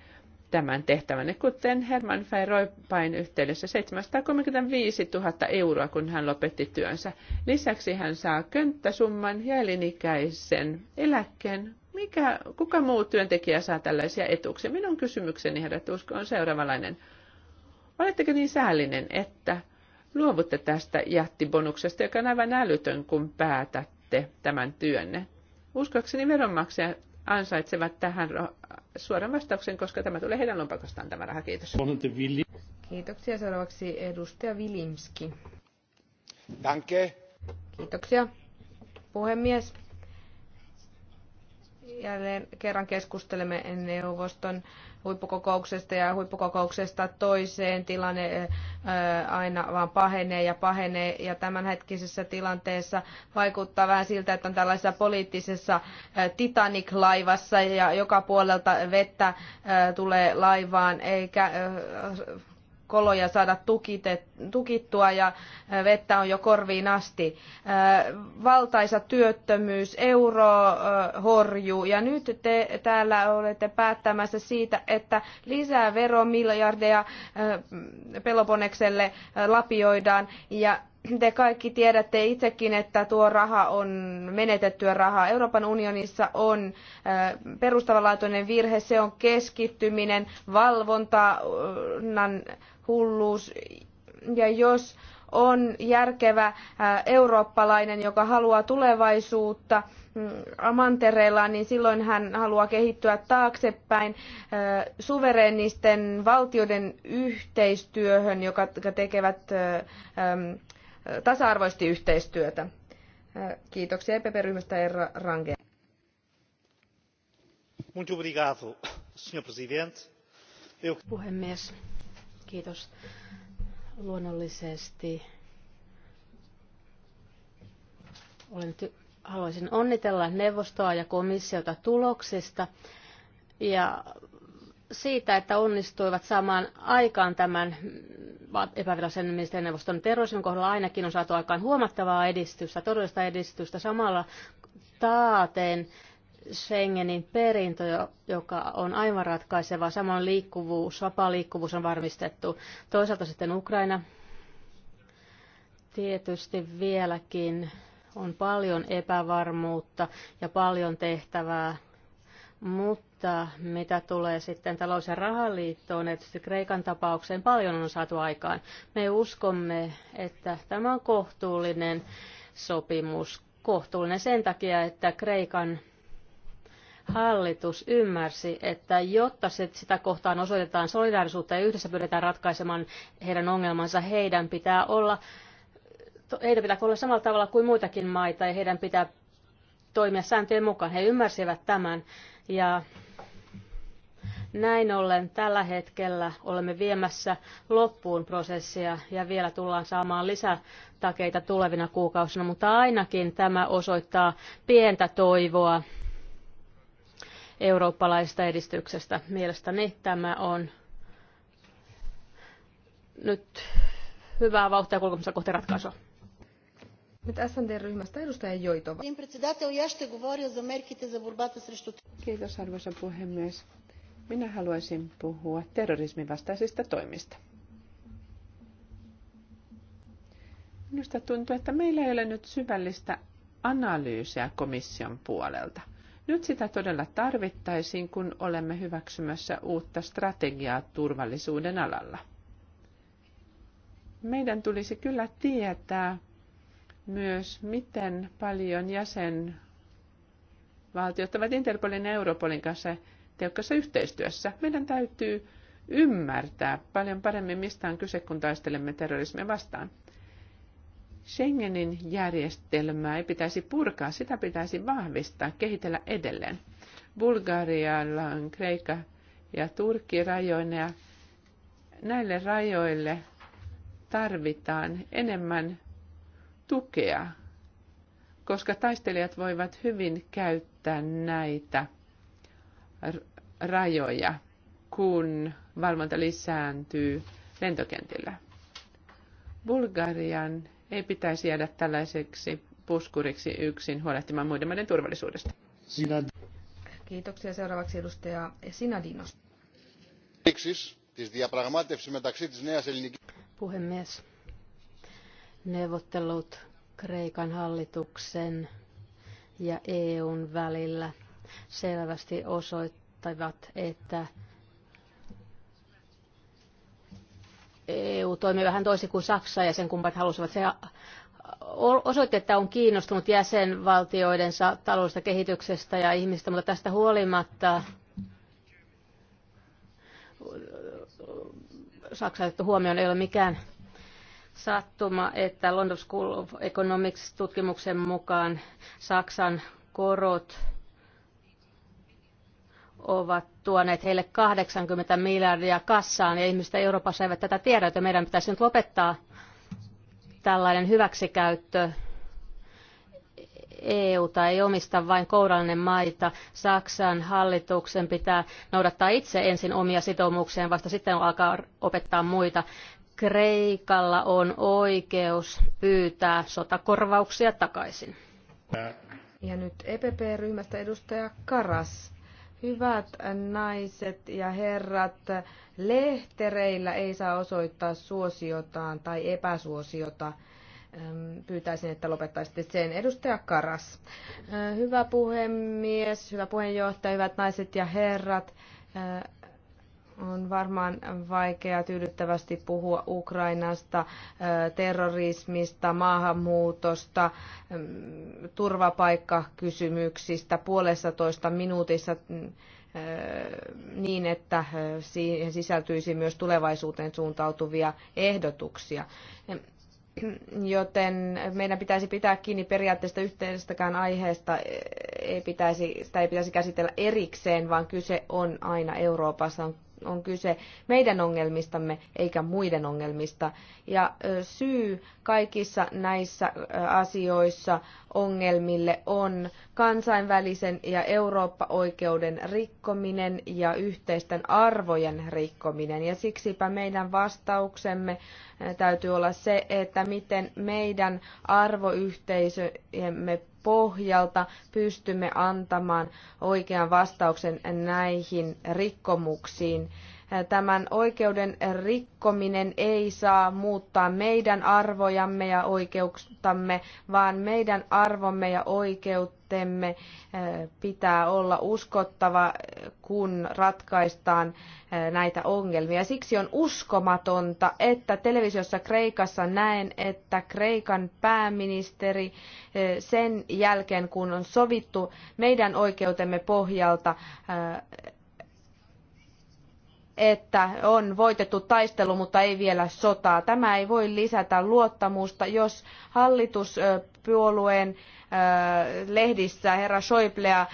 tämän tehtävänne, kuten Herman van Roypain yhteydessä 735 000 euroa, kun hän lopetti työnsä. Lisäksi hän saa könttäsumman ja elinikäisen eläkkeen. Mikä, kuka muu työntekijä saa tällaisia etuuksia? Minun kysymykseni, herra Tusko, on seuraavanlainen. Oletteko niin säällinen, että luovutte tästä jättibonuksesta, joka on aivan älytön, kun päätätte tämän työnne? Uskoakseni veronmaksajat ansaitsevat tähän suoran vastauksen, koska tämä tulee heidän lompakostaan tämä raha. Kiitos. Kiitoksia. Seuraavaksi edustaja Vilimski. Danke. Kiitoksia, puhemies. Jälleen kerran keskustelemme neuvoston huippukokouksesta ja huippukokouksesta toiseen tilanne aina vaan pahenee ja pahenee ja tämänhetkisessä tilanteessa vaikuttaa vähän siltä, että on tällaisessa poliittisessa Titanic-laivassa ja joka puolelta vettä tulee laivaan eikä koloja saada tukite, tukittua ja vettä on jo korviin asti. Valtaisa työttömyys, euro horjuu ja nyt te täällä olette päättämässä siitä, että lisää veromiljardeja Peloponekselle lapioidaan ja te kaikki tiedätte itsekin, että tuo raha on menetettyä rahaa. Euroopan unionissa on perustavanlaatuinen virhe, se on keskittyminen valvonnan hulluus. Ja jos on järkevä eurooppalainen, joka haluaa tulevaisuutta mm, mantereella, niin silloin hän haluaa kehittyä taaksepäin suvereenisten valtioiden yhteistyöhön, joka tekevät tasa-arvoisesti yhteistyötä. Kiitoksia EPP-ryhmästä Erra Puhemies, Kiitos. Luonnollisesti olen ty- haluaisin onnitella neuvostoa ja komissiota tuloksista ja siitä, että onnistuivat saamaan aikaan tämän epävirallisen neuvoston terrorismin kohdalla ainakin on saatu aikaan huomattavaa edistystä, todellista edistystä samalla taateen Schengenin perintö, joka on aivan ratkaiseva. Samoin liikkuvuus, vapaa liikkuvuus on varmistettu. Toisaalta sitten Ukraina. Tietysti vieläkin on paljon epävarmuutta ja paljon tehtävää, mutta mitä tulee sitten talous- ja rahaliittoon, tietysti Kreikan tapaukseen paljon on saatu aikaan. Me uskomme, että tämä on kohtuullinen sopimus kohtuullinen sen takia, että Kreikan hallitus ymmärsi, että jotta sitä kohtaan osoitetaan solidaarisuutta ja yhdessä pyritään ratkaisemaan heidän ongelmansa, heidän pitää olla heidän pitää olla samalla tavalla kuin muitakin maita ja heidän pitää toimia sääntöjen mukaan. He ymmärsivät tämän ja näin ollen tällä hetkellä olemme viemässä loppuun prosessia ja vielä tullaan saamaan lisätakeita tulevina kuukausina, mutta ainakin tämä osoittaa pientä toivoa eurooppalaisesta edistyksestä. Mielestäni tämä on nyt hyvää vauhtia kulkemassa kohti ratkaisua. Nyt SND-ryhmästä edustaja Joitova. Kiitos arvoisa puhemies. Minä haluaisin puhua terrorismin vastaisista toimista. Minusta tuntuu, että meillä ei ole nyt syvällistä analyysiä komission puolelta – nyt sitä todella tarvittaisiin, kun olemme hyväksymässä uutta strategiaa turvallisuuden alalla. Meidän tulisi kyllä tietää myös, miten paljon jäsenvaltiot ovat Interpolin ja Europolin kanssa tehokkaassa yhteistyössä. Meidän täytyy ymmärtää paljon paremmin, mistä on kyse, kun taistelemme terrorismia vastaan. Schengenin järjestelmää ei pitäisi purkaa, sitä pitäisi vahvistaa, kehitellä edelleen. Bulgarialla on Kreikka ja Turkki rajoina ja näille rajoille tarvitaan enemmän tukea, koska taistelijat voivat hyvin käyttää näitä rajoja, kun valvonta lisääntyy lentokentillä. Bulgarian ei pitäisi jäädä tällaiseksi puskuriksi yksin huolehtimaan muiden maiden turvallisuudesta. Sinä... Kiitoksia. Seuraavaksi edustaja Sinadinos. Puhemies, neuvottelut Kreikan hallituksen ja EUn välillä selvästi osoittavat, että EU toimii vähän toisin kuin Saksa ja sen kumpat halusivat. Se osoitti, että on kiinnostunut jäsenvaltioidensa taloudesta kehityksestä ja ihmistä, mutta tästä huolimatta Saksa otettu huomioon ei ole mikään sattuma, että London School of Economics tutkimuksen mukaan Saksan korot ovat tuoneet heille 80 miljardia kassaan ja ihmiset Euroopassa eivät tätä tiedä, joten meidän pitäisi nyt lopettaa tällainen hyväksikäyttö. E ta ei omista vain kourallinen maita. Saksan hallituksen pitää noudattaa itse ensin omia sitoumuksiaan, vasta sitten alkaa opettaa muita. Kreikalla on oikeus pyytää sotakorvauksia takaisin. Ja nyt EPP-ryhmästä edustaja Karas. Hyvät naiset ja herrat, lehtereillä ei saa osoittaa suosiotaan tai epäsuosiota. Pyytäisin, että lopettaisitte sen. Edustaja Karas. Hyvä puhemies, hyvä puheenjohtaja, hyvät naiset ja herrat. On varmaan vaikea tyydyttävästi puhua Ukrainasta, terrorismista, maahanmuutosta, turvapaikkakysymyksistä puolessatoista minuutissa niin, että siihen sisältyisi myös tulevaisuuteen suuntautuvia ehdotuksia. Joten meidän pitäisi pitää kiinni periaatteesta yhteisestäkään aiheesta, ei pitäisi, sitä ei pitäisi käsitellä erikseen, vaan kyse on aina Euroopassa, on on kyse meidän ongelmistamme eikä muiden ongelmista. Ja syy kaikissa näissä asioissa ongelmille on kansainvälisen ja Eurooppa-oikeuden rikkominen ja yhteisten arvojen rikkominen. Ja siksipä meidän vastauksemme täytyy olla se, että miten meidän arvoyhteisömme pohjalta pystymme antamaan oikean vastauksen näihin rikkomuksiin. Tämän oikeuden rikkominen ei saa muuttaa meidän arvojamme ja oikeuttamme, vaan meidän arvomme ja oikeutta tavoitteemme pitää olla uskottava, kun ratkaistaan näitä ongelmia. Siksi on uskomatonta, että televisiossa Kreikassa näen, että Kreikan pääministeri sen jälkeen, kun on sovittu meidän oikeutemme pohjalta, että on voitettu taistelu, mutta ei vielä sotaa. Tämä ei voi lisätä luottamusta, jos hallitus puolueen lehdissä herra Schäublea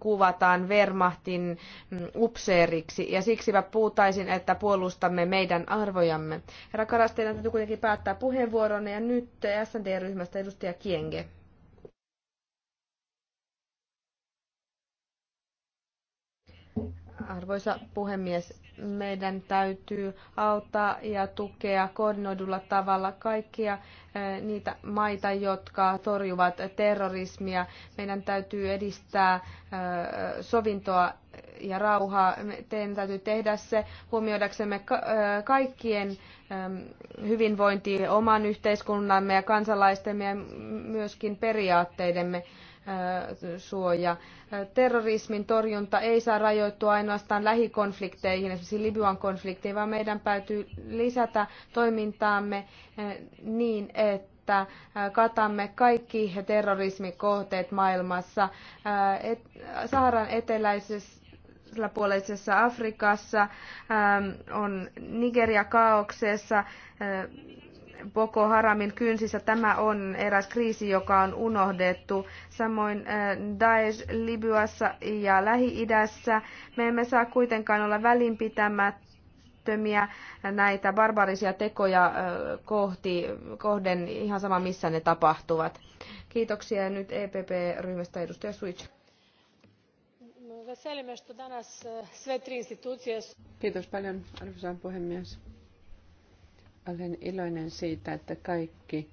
kuvataan Wehrmachtin mm, upseeriksi ja siksipä puutaisin, että puolustamme meidän arvojamme. Herra Karas, teidän täytyy kuitenkin päättää puheenvuoronne ja nyt SND-ryhmästä edustaja Kienge. Arvoisa puhemies, meidän täytyy auttaa ja tukea koordinoidulla tavalla kaikkia eh, niitä maita, jotka torjuvat terrorismia. Meidän täytyy edistää eh, sovintoa ja rauhaa. Meidän täytyy tehdä se huomioidaksemme eh, kaikkien hyvinvointi oman yhteiskunnamme ja kansalaistemme ja myöskin periaatteidemme suoja. Terrorismin torjunta ei saa rajoittua ainoastaan lähikonflikteihin, esimerkiksi Libyan konfliktiin, vaan meidän täytyy lisätä toimintaamme eh, niin, että että eh, katamme kaikki terrorismikohteet maailmassa. Eh, Saharan eteläisessä puoleisessa Afrikassa, on Nigeria kaauksessa, Boko Haramin kynsissä tämä on eräs kriisi, joka on unohdettu. Samoin äh, Daesh Libyassa ja Lähi-idässä. Me emme saa kuitenkaan olla välinpitämättömiä näitä barbarisia tekoja äh, kohti, kohden ihan sama missä ne tapahtuvat. Kiitoksia nyt EPP-ryhmästä edustaja Switch. No, äh, Kiitos paljon, arvoisa puhemies. Olen iloinen siitä, että kaikki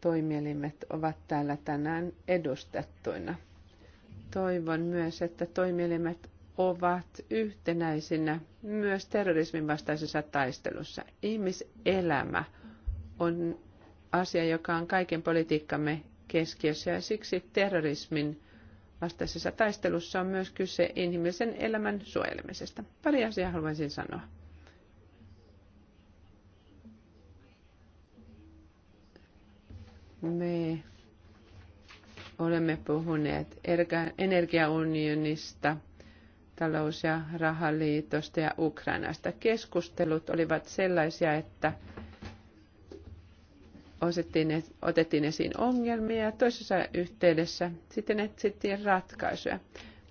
toimielimet ovat täällä tänään edustettuina. Toivon myös, että toimielimet ovat yhtenäisinä myös terrorismin vastaisessa taistelussa. Ihmiselämä on asia, joka on kaiken politiikkamme keskiössä ja siksi terrorismin vastaisessa taistelussa on myös kyse inhimillisen elämän suojelemisesta. Pari asiaa haluaisin sanoa. Me olemme puhuneet energiaunionista, talous- ja rahaliitosta ja Ukrainasta. Keskustelut olivat sellaisia, että osettiin, otettiin esiin ongelmia ja toisessa yhteydessä sitten etsittiin ratkaisuja.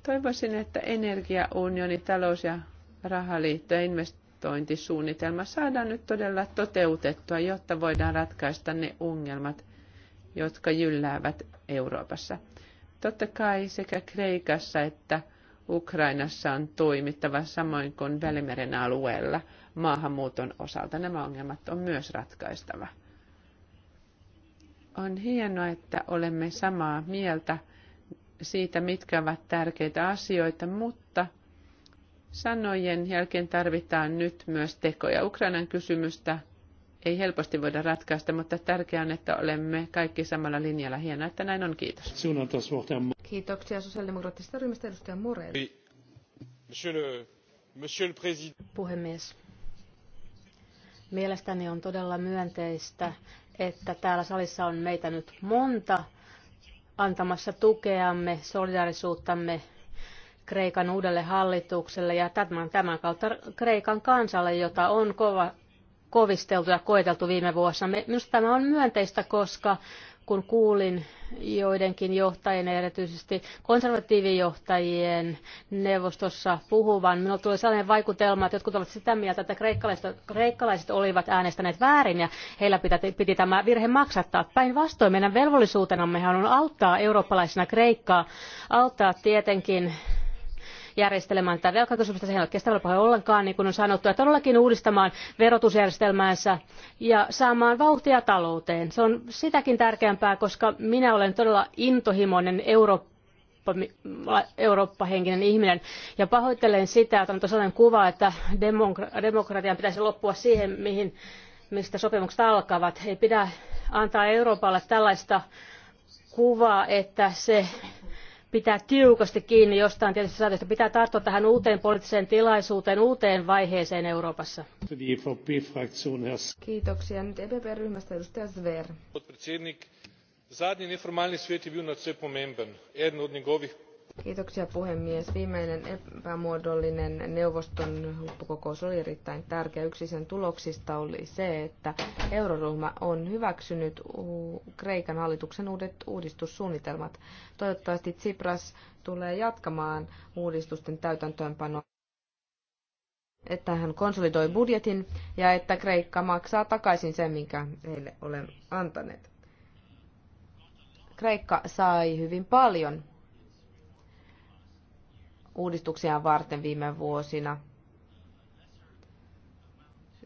Toivoisin, että energiaunioni, talous- ja rahaliitto ja investointisuunnitelma saadaan nyt todella toteutettua, jotta voidaan ratkaista ne ongelmat, jotka jylläävät Euroopassa. Totta kai sekä Kreikassa että Ukrainassa on toimittava samoin kuin Välimeren alueella maahanmuuton osalta. Nämä ongelmat on myös ratkaistava. On hienoa, että olemme samaa mieltä siitä, mitkä ovat tärkeitä asioita, mutta sanojen jälkeen tarvitaan nyt myös tekoja. Ukrainan kysymystä ei helposti voida ratkaista, mutta tärkeää on, että olemme kaikki samalla linjalla. Hienoa, että näin on. Kiitos. Kiitoksia sosiaalidemokraattisesta ryhmästä edustaja Morel. Puhemies. Mielestäni on todella myönteistä, että täällä salissa on meitä nyt monta antamassa tukeamme, solidaarisuuttamme Kreikan uudelle hallitukselle ja tämän, tämän kautta Kreikan kansalle, jota on kova, kovisteltu ja koeteltu viime vuosina. Minusta tämä on myönteistä, koska kun kuulin joidenkin johtajien, erityisesti konservatiivijohtajien neuvostossa puhuvan, minulla tuli sellainen vaikutelma, että jotkut ovat sitä mieltä, että kreikkalaiset, kreikkalaiset olivat äänestäneet väärin ja heillä piti, piti tämä virhe maksattaa. Päinvastoin meidän velvollisuutenammehan on auttaa eurooppalaisena Kreikkaa, auttaa tietenkin järjestelemään tätä velkakysymystä. Sehän ei ole kestävällä pohjalla ollenkaan, niin kuin on sanottu, ja todellakin uudistamaan verotusjärjestelmäänsä ja saamaan vauhtia talouteen. Se on sitäkin tärkeämpää, koska minä olen todella intohimoinen Eurooppa henkinen ihminen. Ja pahoittelen sitä, että on sellainen kuva, että demokratian pitäisi loppua siihen, mihin, mistä sopimukset alkavat. Ei pidä antaa Euroopalle tällaista kuvaa, että se pitää tiukasti kiinni jostain tietystä säädöstä. Pitää tarttua tähän uuteen poliittiseen tilaisuuteen, uuteen vaiheeseen Euroopassa. Kiitoksia. Nyt EPP-ryhmästä edustaja Zver. Podpredsednik, zadnji neformalni svet je bil nadvse pomemben. Eden od njegovih Kiitoksia puhemies. Viimeinen epämuodollinen neuvoston huippukokous oli erittäin tärkeä. Yksi sen tuloksista oli se, että euroryhmä on hyväksynyt Kreikan hallituksen uudet uudistussuunnitelmat. Toivottavasti Tsipras tulee jatkamaan uudistusten täytäntöönpanoa että hän konsolidoi budjetin ja että Kreikka maksaa takaisin sen, minkä heille olen antaneet. Kreikka sai hyvin paljon uudistuksia varten viime vuosina.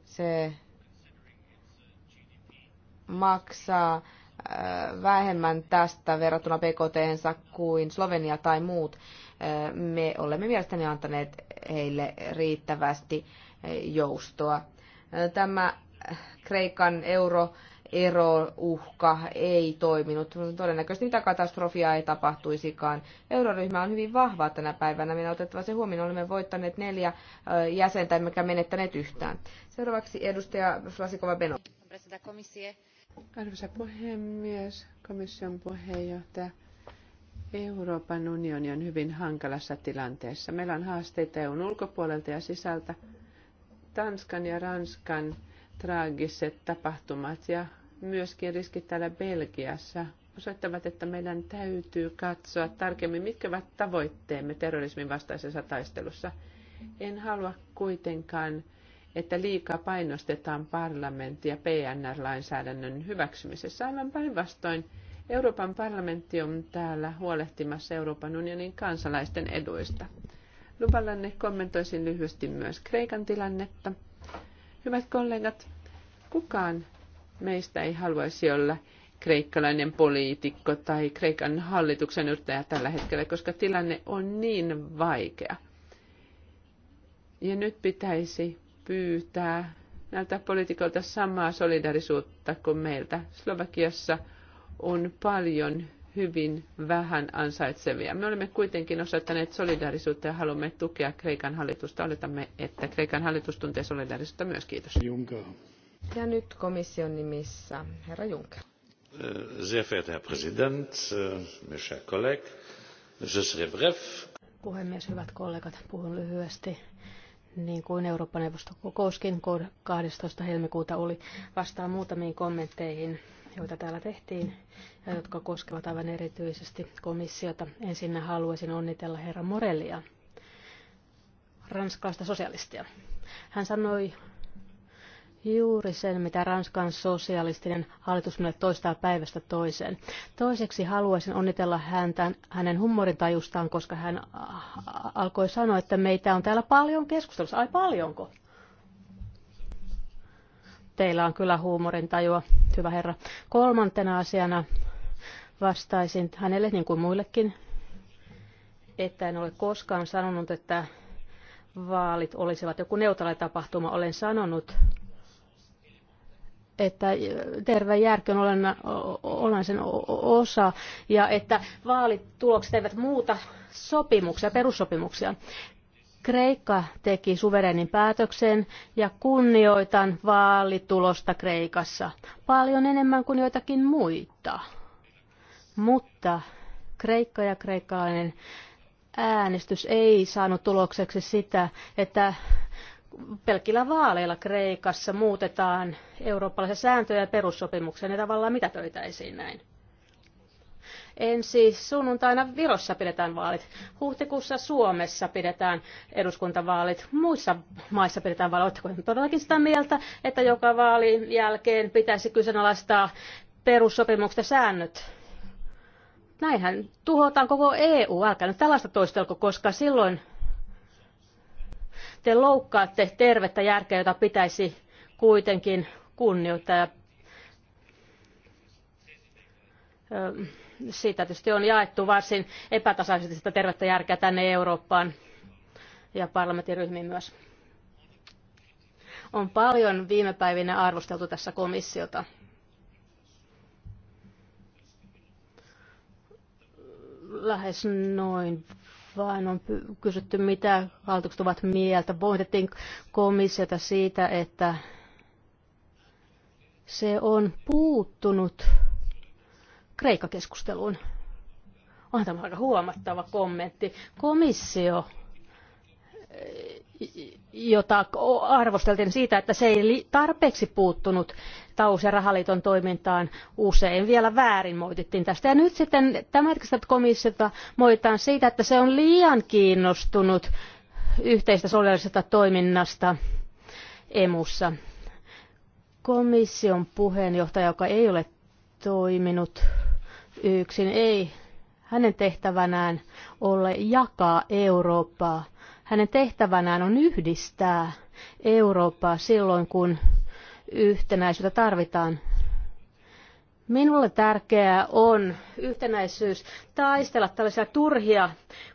Se maksaa äh, vähemmän tästä verrattuna bkt kuin Slovenia tai muut. Äh, me olemme mielestäni antaneet heille riittävästi äh, joustoa. Tämä Kreikan euro erouhka ei toiminut. Todennäköisesti mitä katastrofia ei tapahtuisikaan. Euroryhmä on hyvin vahva tänä päivänä. Minä otettava se huomioon. Olemme voittaneet neljä jäsentä, emmekä menettäneet yhtään. Seuraavaksi edustaja Flasikova Beno. Arvoisa puhemies, komission puheenjohtaja. Euroopan unioni on hyvin hankalassa tilanteessa. Meillä on haasteita EUn ulkopuolelta ja sisältä. Tanskan ja Ranskan traagiset tapahtumat ja myöskin riskit täällä Belgiassa osoittavat, että meidän täytyy katsoa tarkemmin, mitkä ovat tavoitteemme terrorismin vastaisessa taistelussa. En halua kuitenkaan, että liikaa painostetaan parlamenttia PNR-lainsäädännön hyväksymisessä. Aivan päinvastoin Euroopan parlamentti on täällä huolehtimassa Euroopan unionin kansalaisten eduista. Luvallanne kommentoisin lyhyesti myös Kreikan tilannetta. Hyvät kollegat, kukaan meistä ei haluaisi olla kreikkalainen poliitikko tai Kreikan hallituksen yrittäjä tällä hetkellä, koska tilanne on niin vaikea. Ja nyt pitäisi pyytää näiltä poliitikolta samaa solidarisuutta kuin meiltä. Slovakiassa on paljon hyvin vähän ansaitsevia. Me olemme kuitenkin osoittaneet solidaarisuutta ja haluamme tukea Kreikan hallitusta. Oletamme, että Kreikan hallitus tuntee solidaarisuutta myös. Kiitos. Juncker. Ja nyt komission nimissä herra Juncker. Äh, sehr verehrter Herr Präsident, äh, mes chers collègues, je serai bref. Puhemies, hyvät kollegat, puhun lyhyesti niin kuin Eurooppa-neuvoston kokouskin 12. helmikuuta oli, vastaan muutamiin kommentteihin joita täällä tehtiin ja jotka koskevat aivan erityisesti komissiota. Ensinnä haluaisin onnitella herra Morellia, ranskalaista sosialistia. Hän sanoi juuri sen, mitä Ranskan sosialistinen hallitus minulle toistaa päivästä toiseen. Toiseksi haluaisin onnitella häntä, hänen humorintajustaan, koska hän alkoi sanoa, että meitä on täällä paljon keskustelussa. Ai paljonko? Teillä on kyllä huumorin tajua, hyvä herra. Kolmantena asiana vastaisin hänelle niin kuin muillekin, että en ole koskaan sanonut, että vaalit olisivat joku neutraali tapahtuma. Olen sanonut, että terve järki on olennaisen osa ja että vaalitulokset eivät muuta sopimuksia, perussopimuksia. Kreikka teki suverenin päätöksen ja kunnioitan vaalitulosta Kreikassa paljon enemmän kuin joitakin muita. Mutta Kreikka ja kreikkalainen äänestys ei saanut tulokseksi sitä, että pelkillä vaaleilla Kreikassa muutetaan eurooppalaisia sääntöjä ja perussopimuksia, ne tavallaan mitätöitäisiin näin. Ensi sunnuntaina Virossa pidetään vaalit. Huhtikuussa Suomessa pidetään eduskuntavaalit. Muissa maissa pidetään vaalit. Oletteko todellakin sitä mieltä, että joka vaalin jälkeen pitäisi kyseenalaistaa perussopimuksesta säännöt? Näinhän tuhotaan koko EU. Älkää nyt tällaista toistelko, koska silloin te loukkaatte tervettä järkeä, jota pitäisi kuitenkin kunnioittaa. Um... Siitä tietysti on jaettu varsin epätasaisesti sitä tervettä järkeä tänne Eurooppaan ja parlamenttiryhmiin myös. On paljon viime päivinä arvosteltu tässä komissiota. Lähes noin vaan on kysytty, mitä hallitukset ovat mieltä. Voitettiin komissiota siitä, että se on puuttunut Kreikka-keskusteluun. On tämä aika huomattava kommentti. Komissio jota arvosteltiin siitä, että se ei tarpeeksi puuttunut talous- ja rahaliiton toimintaan usein vielä väärin moitittiin tästä. Ja nyt sitten tämänhetkistä komissiota moitaan siitä, että se on liian kiinnostunut yhteistä sosiaalisesta toiminnasta emussa. Komission puheenjohtaja, joka ei ole toiminut yksin. Ei hänen tehtävänään ole jakaa Eurooppaa. Hänen tehtävänään on yhdistää Eurooppaa silloin, kun yhtenäisyyttä tarvitaan. Minulle tärkeää on yhtenäisyys taistella tällaisia turhia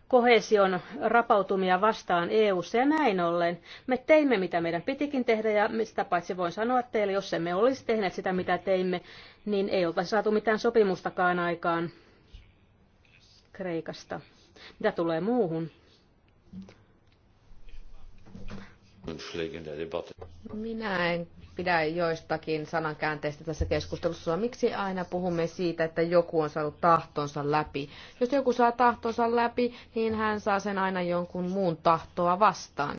kohesion rapautumia vastaan EU-ssa ja näin ollen. Me teimme mitä meidän pitikin tehdä ja sitä paitsi voin sanoa teille, jos emme olisi tehneet sitä mitä teimme, niin ei oltaisi saatu mitään sopimustakaan aikaan Kreikasta. Mitä tulee muuhun? Minä en pidä joistakin sanankäänteistä tässä keskustelussa, vaan miksi aina puhumme siitä, että joku on saanut tahtonsa läpi. Jos joku saa tahtonsa läpi, niin hän saa sen aina jonkun muun tahtoa vastaan.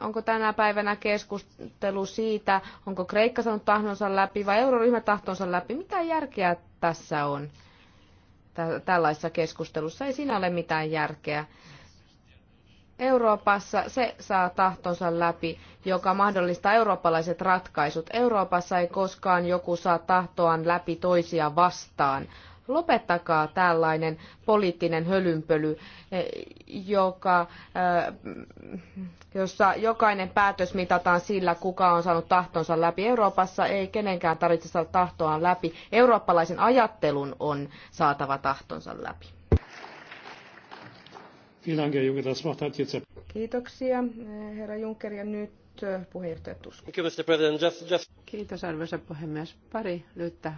Onko tänä päivänä keskustelu siitä, onko Kreikka saanut tahtonsa läpi vai euroryhmä tahtonsa läpi? Mitä järkeä tässä on? Tällaisessa keskustelussa ei siinä ole mitään järkeä. Euroopassa se saa tahtonsa läpi, joka mahdollistaa eurooppalaiset ratkaisut. Euroopassa ei koskaan joku saa tahtoaan läpi toisia vastaan. Lopettakaa tällainen poliittinen hölynpöly, e, joka, e, jossa jokainen päätös mitataan sillä, kuka on saanut tahtonsa läpi. Euroopassa ei kenenkään tarvitse saada tahtoaan läpi. Eurooppalaisen ajattelun on saatava tahtonsa läpi. Kiitoksia, herra Juncker. Ja nyt äh, puheenjohtaja Tusk. Kiitos, arvoisa puhemies. Pari lyhyttä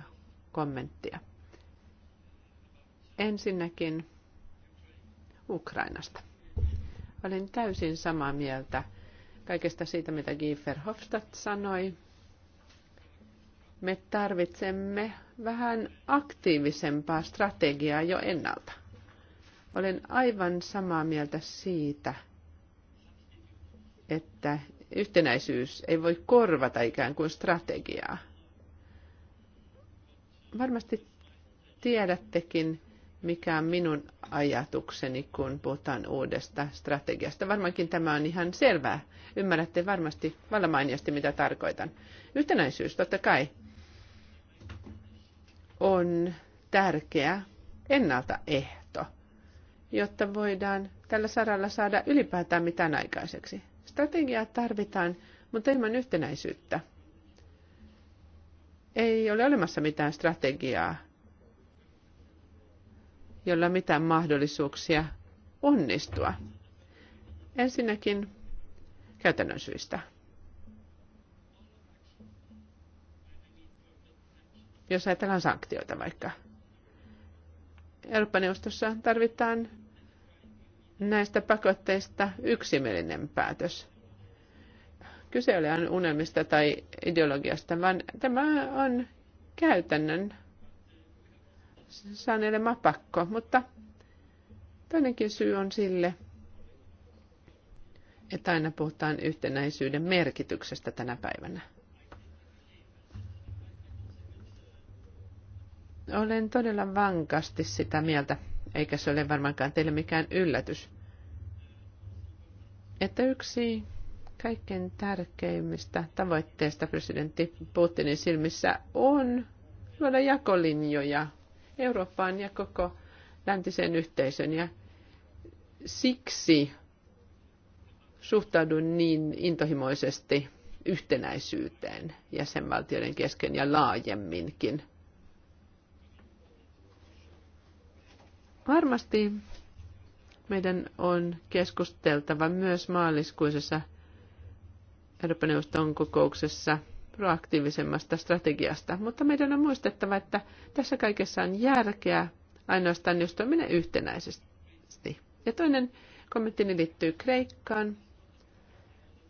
kommenttia. Ensinnäkin Ukrainasta. Olen täysin samaa mieltä kaikesta siitä, mitä Giefer Hofstadt sanoi. Me tarvitsemme vähän aktiivisempaa strategiaa jo ennalta olen aivan samaa mieltä siitä, että yhtenäisyys ei voi korvata ikään kuin strategiaa. Varmasti tiedättekin, mikä on minun ajatukseni, kun puhutaan uudesta strategiasta. Varmaankin tämä on ihan selvää. Ymmärrätte varmasti vallan mitä tarkoitan. Yhtenäisyys totta kai on tärkeä ennaltaehto jotta voidaan tällä saralla saada ylipäätään mitään aikaiseksi. Strategiaa tarvitaan, mutta ilman yhtenäisyyttä. Ei ole olemassa mitään strategiaa, jolla mitään mahdollisuuksia onnistua. Ensinnäkin käytännön syistä. Jos ajatellaan sanktioita vaikka. Eurooppa-neuvostossa tarvitaan näistä pakotteista yksimielinen päätös. Kyse ei ole unelmista tai ideologiasta, vaan tämä on käytännön sanelema pakko, mutta toinenkin syy on sille, että aina puhutaan yhtenäisyyden merkityksestä tänä päivänä. Olen todella vankasti sitä mieltä, eikä se ole varmaankaan teille mikään yllätys, että yksi kaikkein tärkeimmistä tavoitteista presidentti Putinin silmissä on luoda jakolinjoja Eurooppaan ja koko läntisen yhteisön. Ja siksi suhtaudun niin intohimoisesti yhtenäisyyteen jäsenvaltioiden kesken ja laajemminkin – Varmasti meidän on keskusteltava myös maaliskuisessa Euroopan neuvoston kokouksessa proaktiivisemmasta strategiasta, mutta meidän on muistettava, että tässä kaikessa on järkeä ainoastaan, jos toimimme yhtenäisesti. Ja toinen kommenttini liittyy Kreikkaan.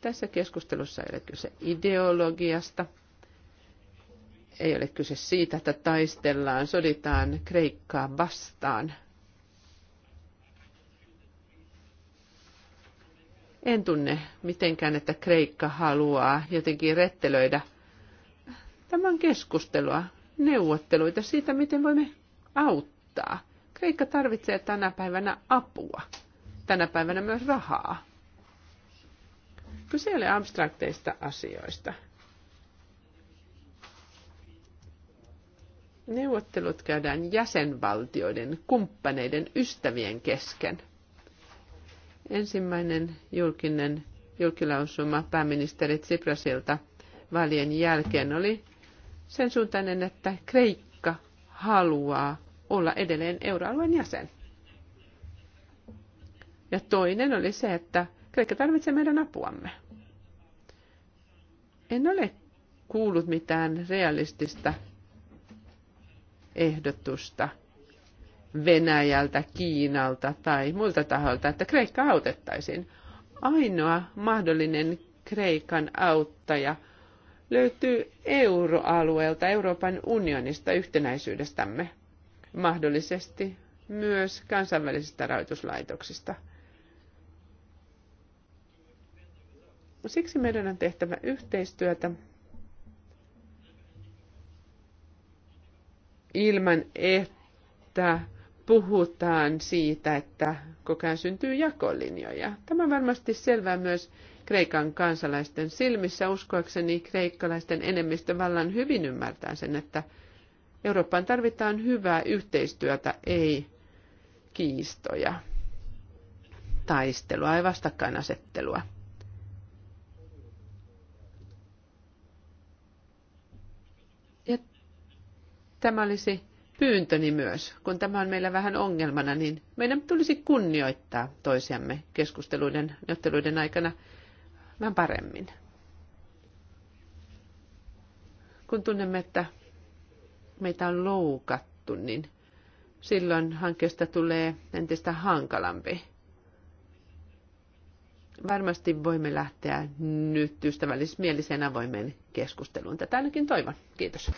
Tässä keskustelussa ei ole kyse ideologiasta, ei ole kyse siitä, että taistellaan, soditaan Kreikkaa vastaan – En tunne mitenkään, että Kreikka haluaa jotenkin rettelöidä tämän keskustelua, neuvotteluita siitä, miten voimme auttaa. Kreikka tarvitsee tänä päivänä apua, tänä päivänä myös rahaa. Kyse ei ole abstrakteista asioista. Neuvottelut käydään jäsenvaltioiden, kumppaneiden, ystävien kesken – Ensimmäinen julkinen julkilausuma pääministeri Tsiprasilta vaalien jälkeen oli sen suuntainen, että Kreikka haluaa olla edelleen euroalueen jäsen. Ja toinen oli se, että Kreikka tarvitsee meidän apuamme. En ole kuullut mitään realistista ehdotusta – Venäjältä, Kiinalta tai muilta taholta, että Kreikka autettaisiin. Ainoa mahdollinen Kreikan auttaja löytyy euroalueelta, Euroopan unionista, yhtenäisyydestämme, mahdollisesti myös kansainvälisistä rahoituslaitoksista. Siksi meidän on tehtävä yhteistyötä ilman, että puhutaan siitä, että koko ajan syntyy jakolinjoja. Tämä on varmasti selvää myös Kreikan kansalaisten silmissä. Uskoakseni kreikkalaisten enemmistö vallan hyvin ymmärtää sen, että Eurooppaan tarvitaan hyvää yhteistyötä, ei kiistoja, taistelua, ei vastakkainasettelua. Ja tämä olisi pyyntöni myös, kun tämä on meillä vähän ongelmana, niin meidän tulisi kunnioittaa toisiamme keskusteluiden, neuvotteluiden aikana vähän paremmin. Kun tunnemme, että meitä on loukattu, niin silloin hankkeesta tulee entistä hankalampi. Varmasti voimme lähteä nyt ystävällismieliseen avoimeen keskusteluun. Tätä ainakin toivon. Kiitos.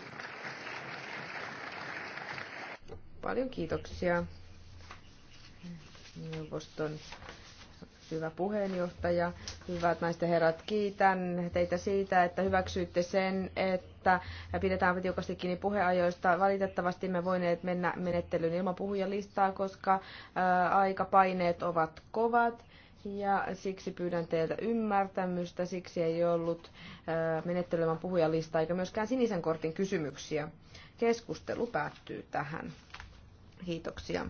Paljon kiitoksia neuvoston hyvä puheenjohtaja. Hyvät naisten herrat, kiitän teitä siitä, että hyväksyitte sen, että pidetään tiukasti kiinni puheajoista. Valitettavasti me voineet mennä menettelyyn ilman puhujalistaa, koska aikapaineet ovat kovat. Ja siksi pyydän teiltä ymmärtämystä, siksi ei ollut menettelymän puhujalista eikä myöskään sinisen kortin kysymyksiä. Keskustelu päättyy tähän. Kiitoksia.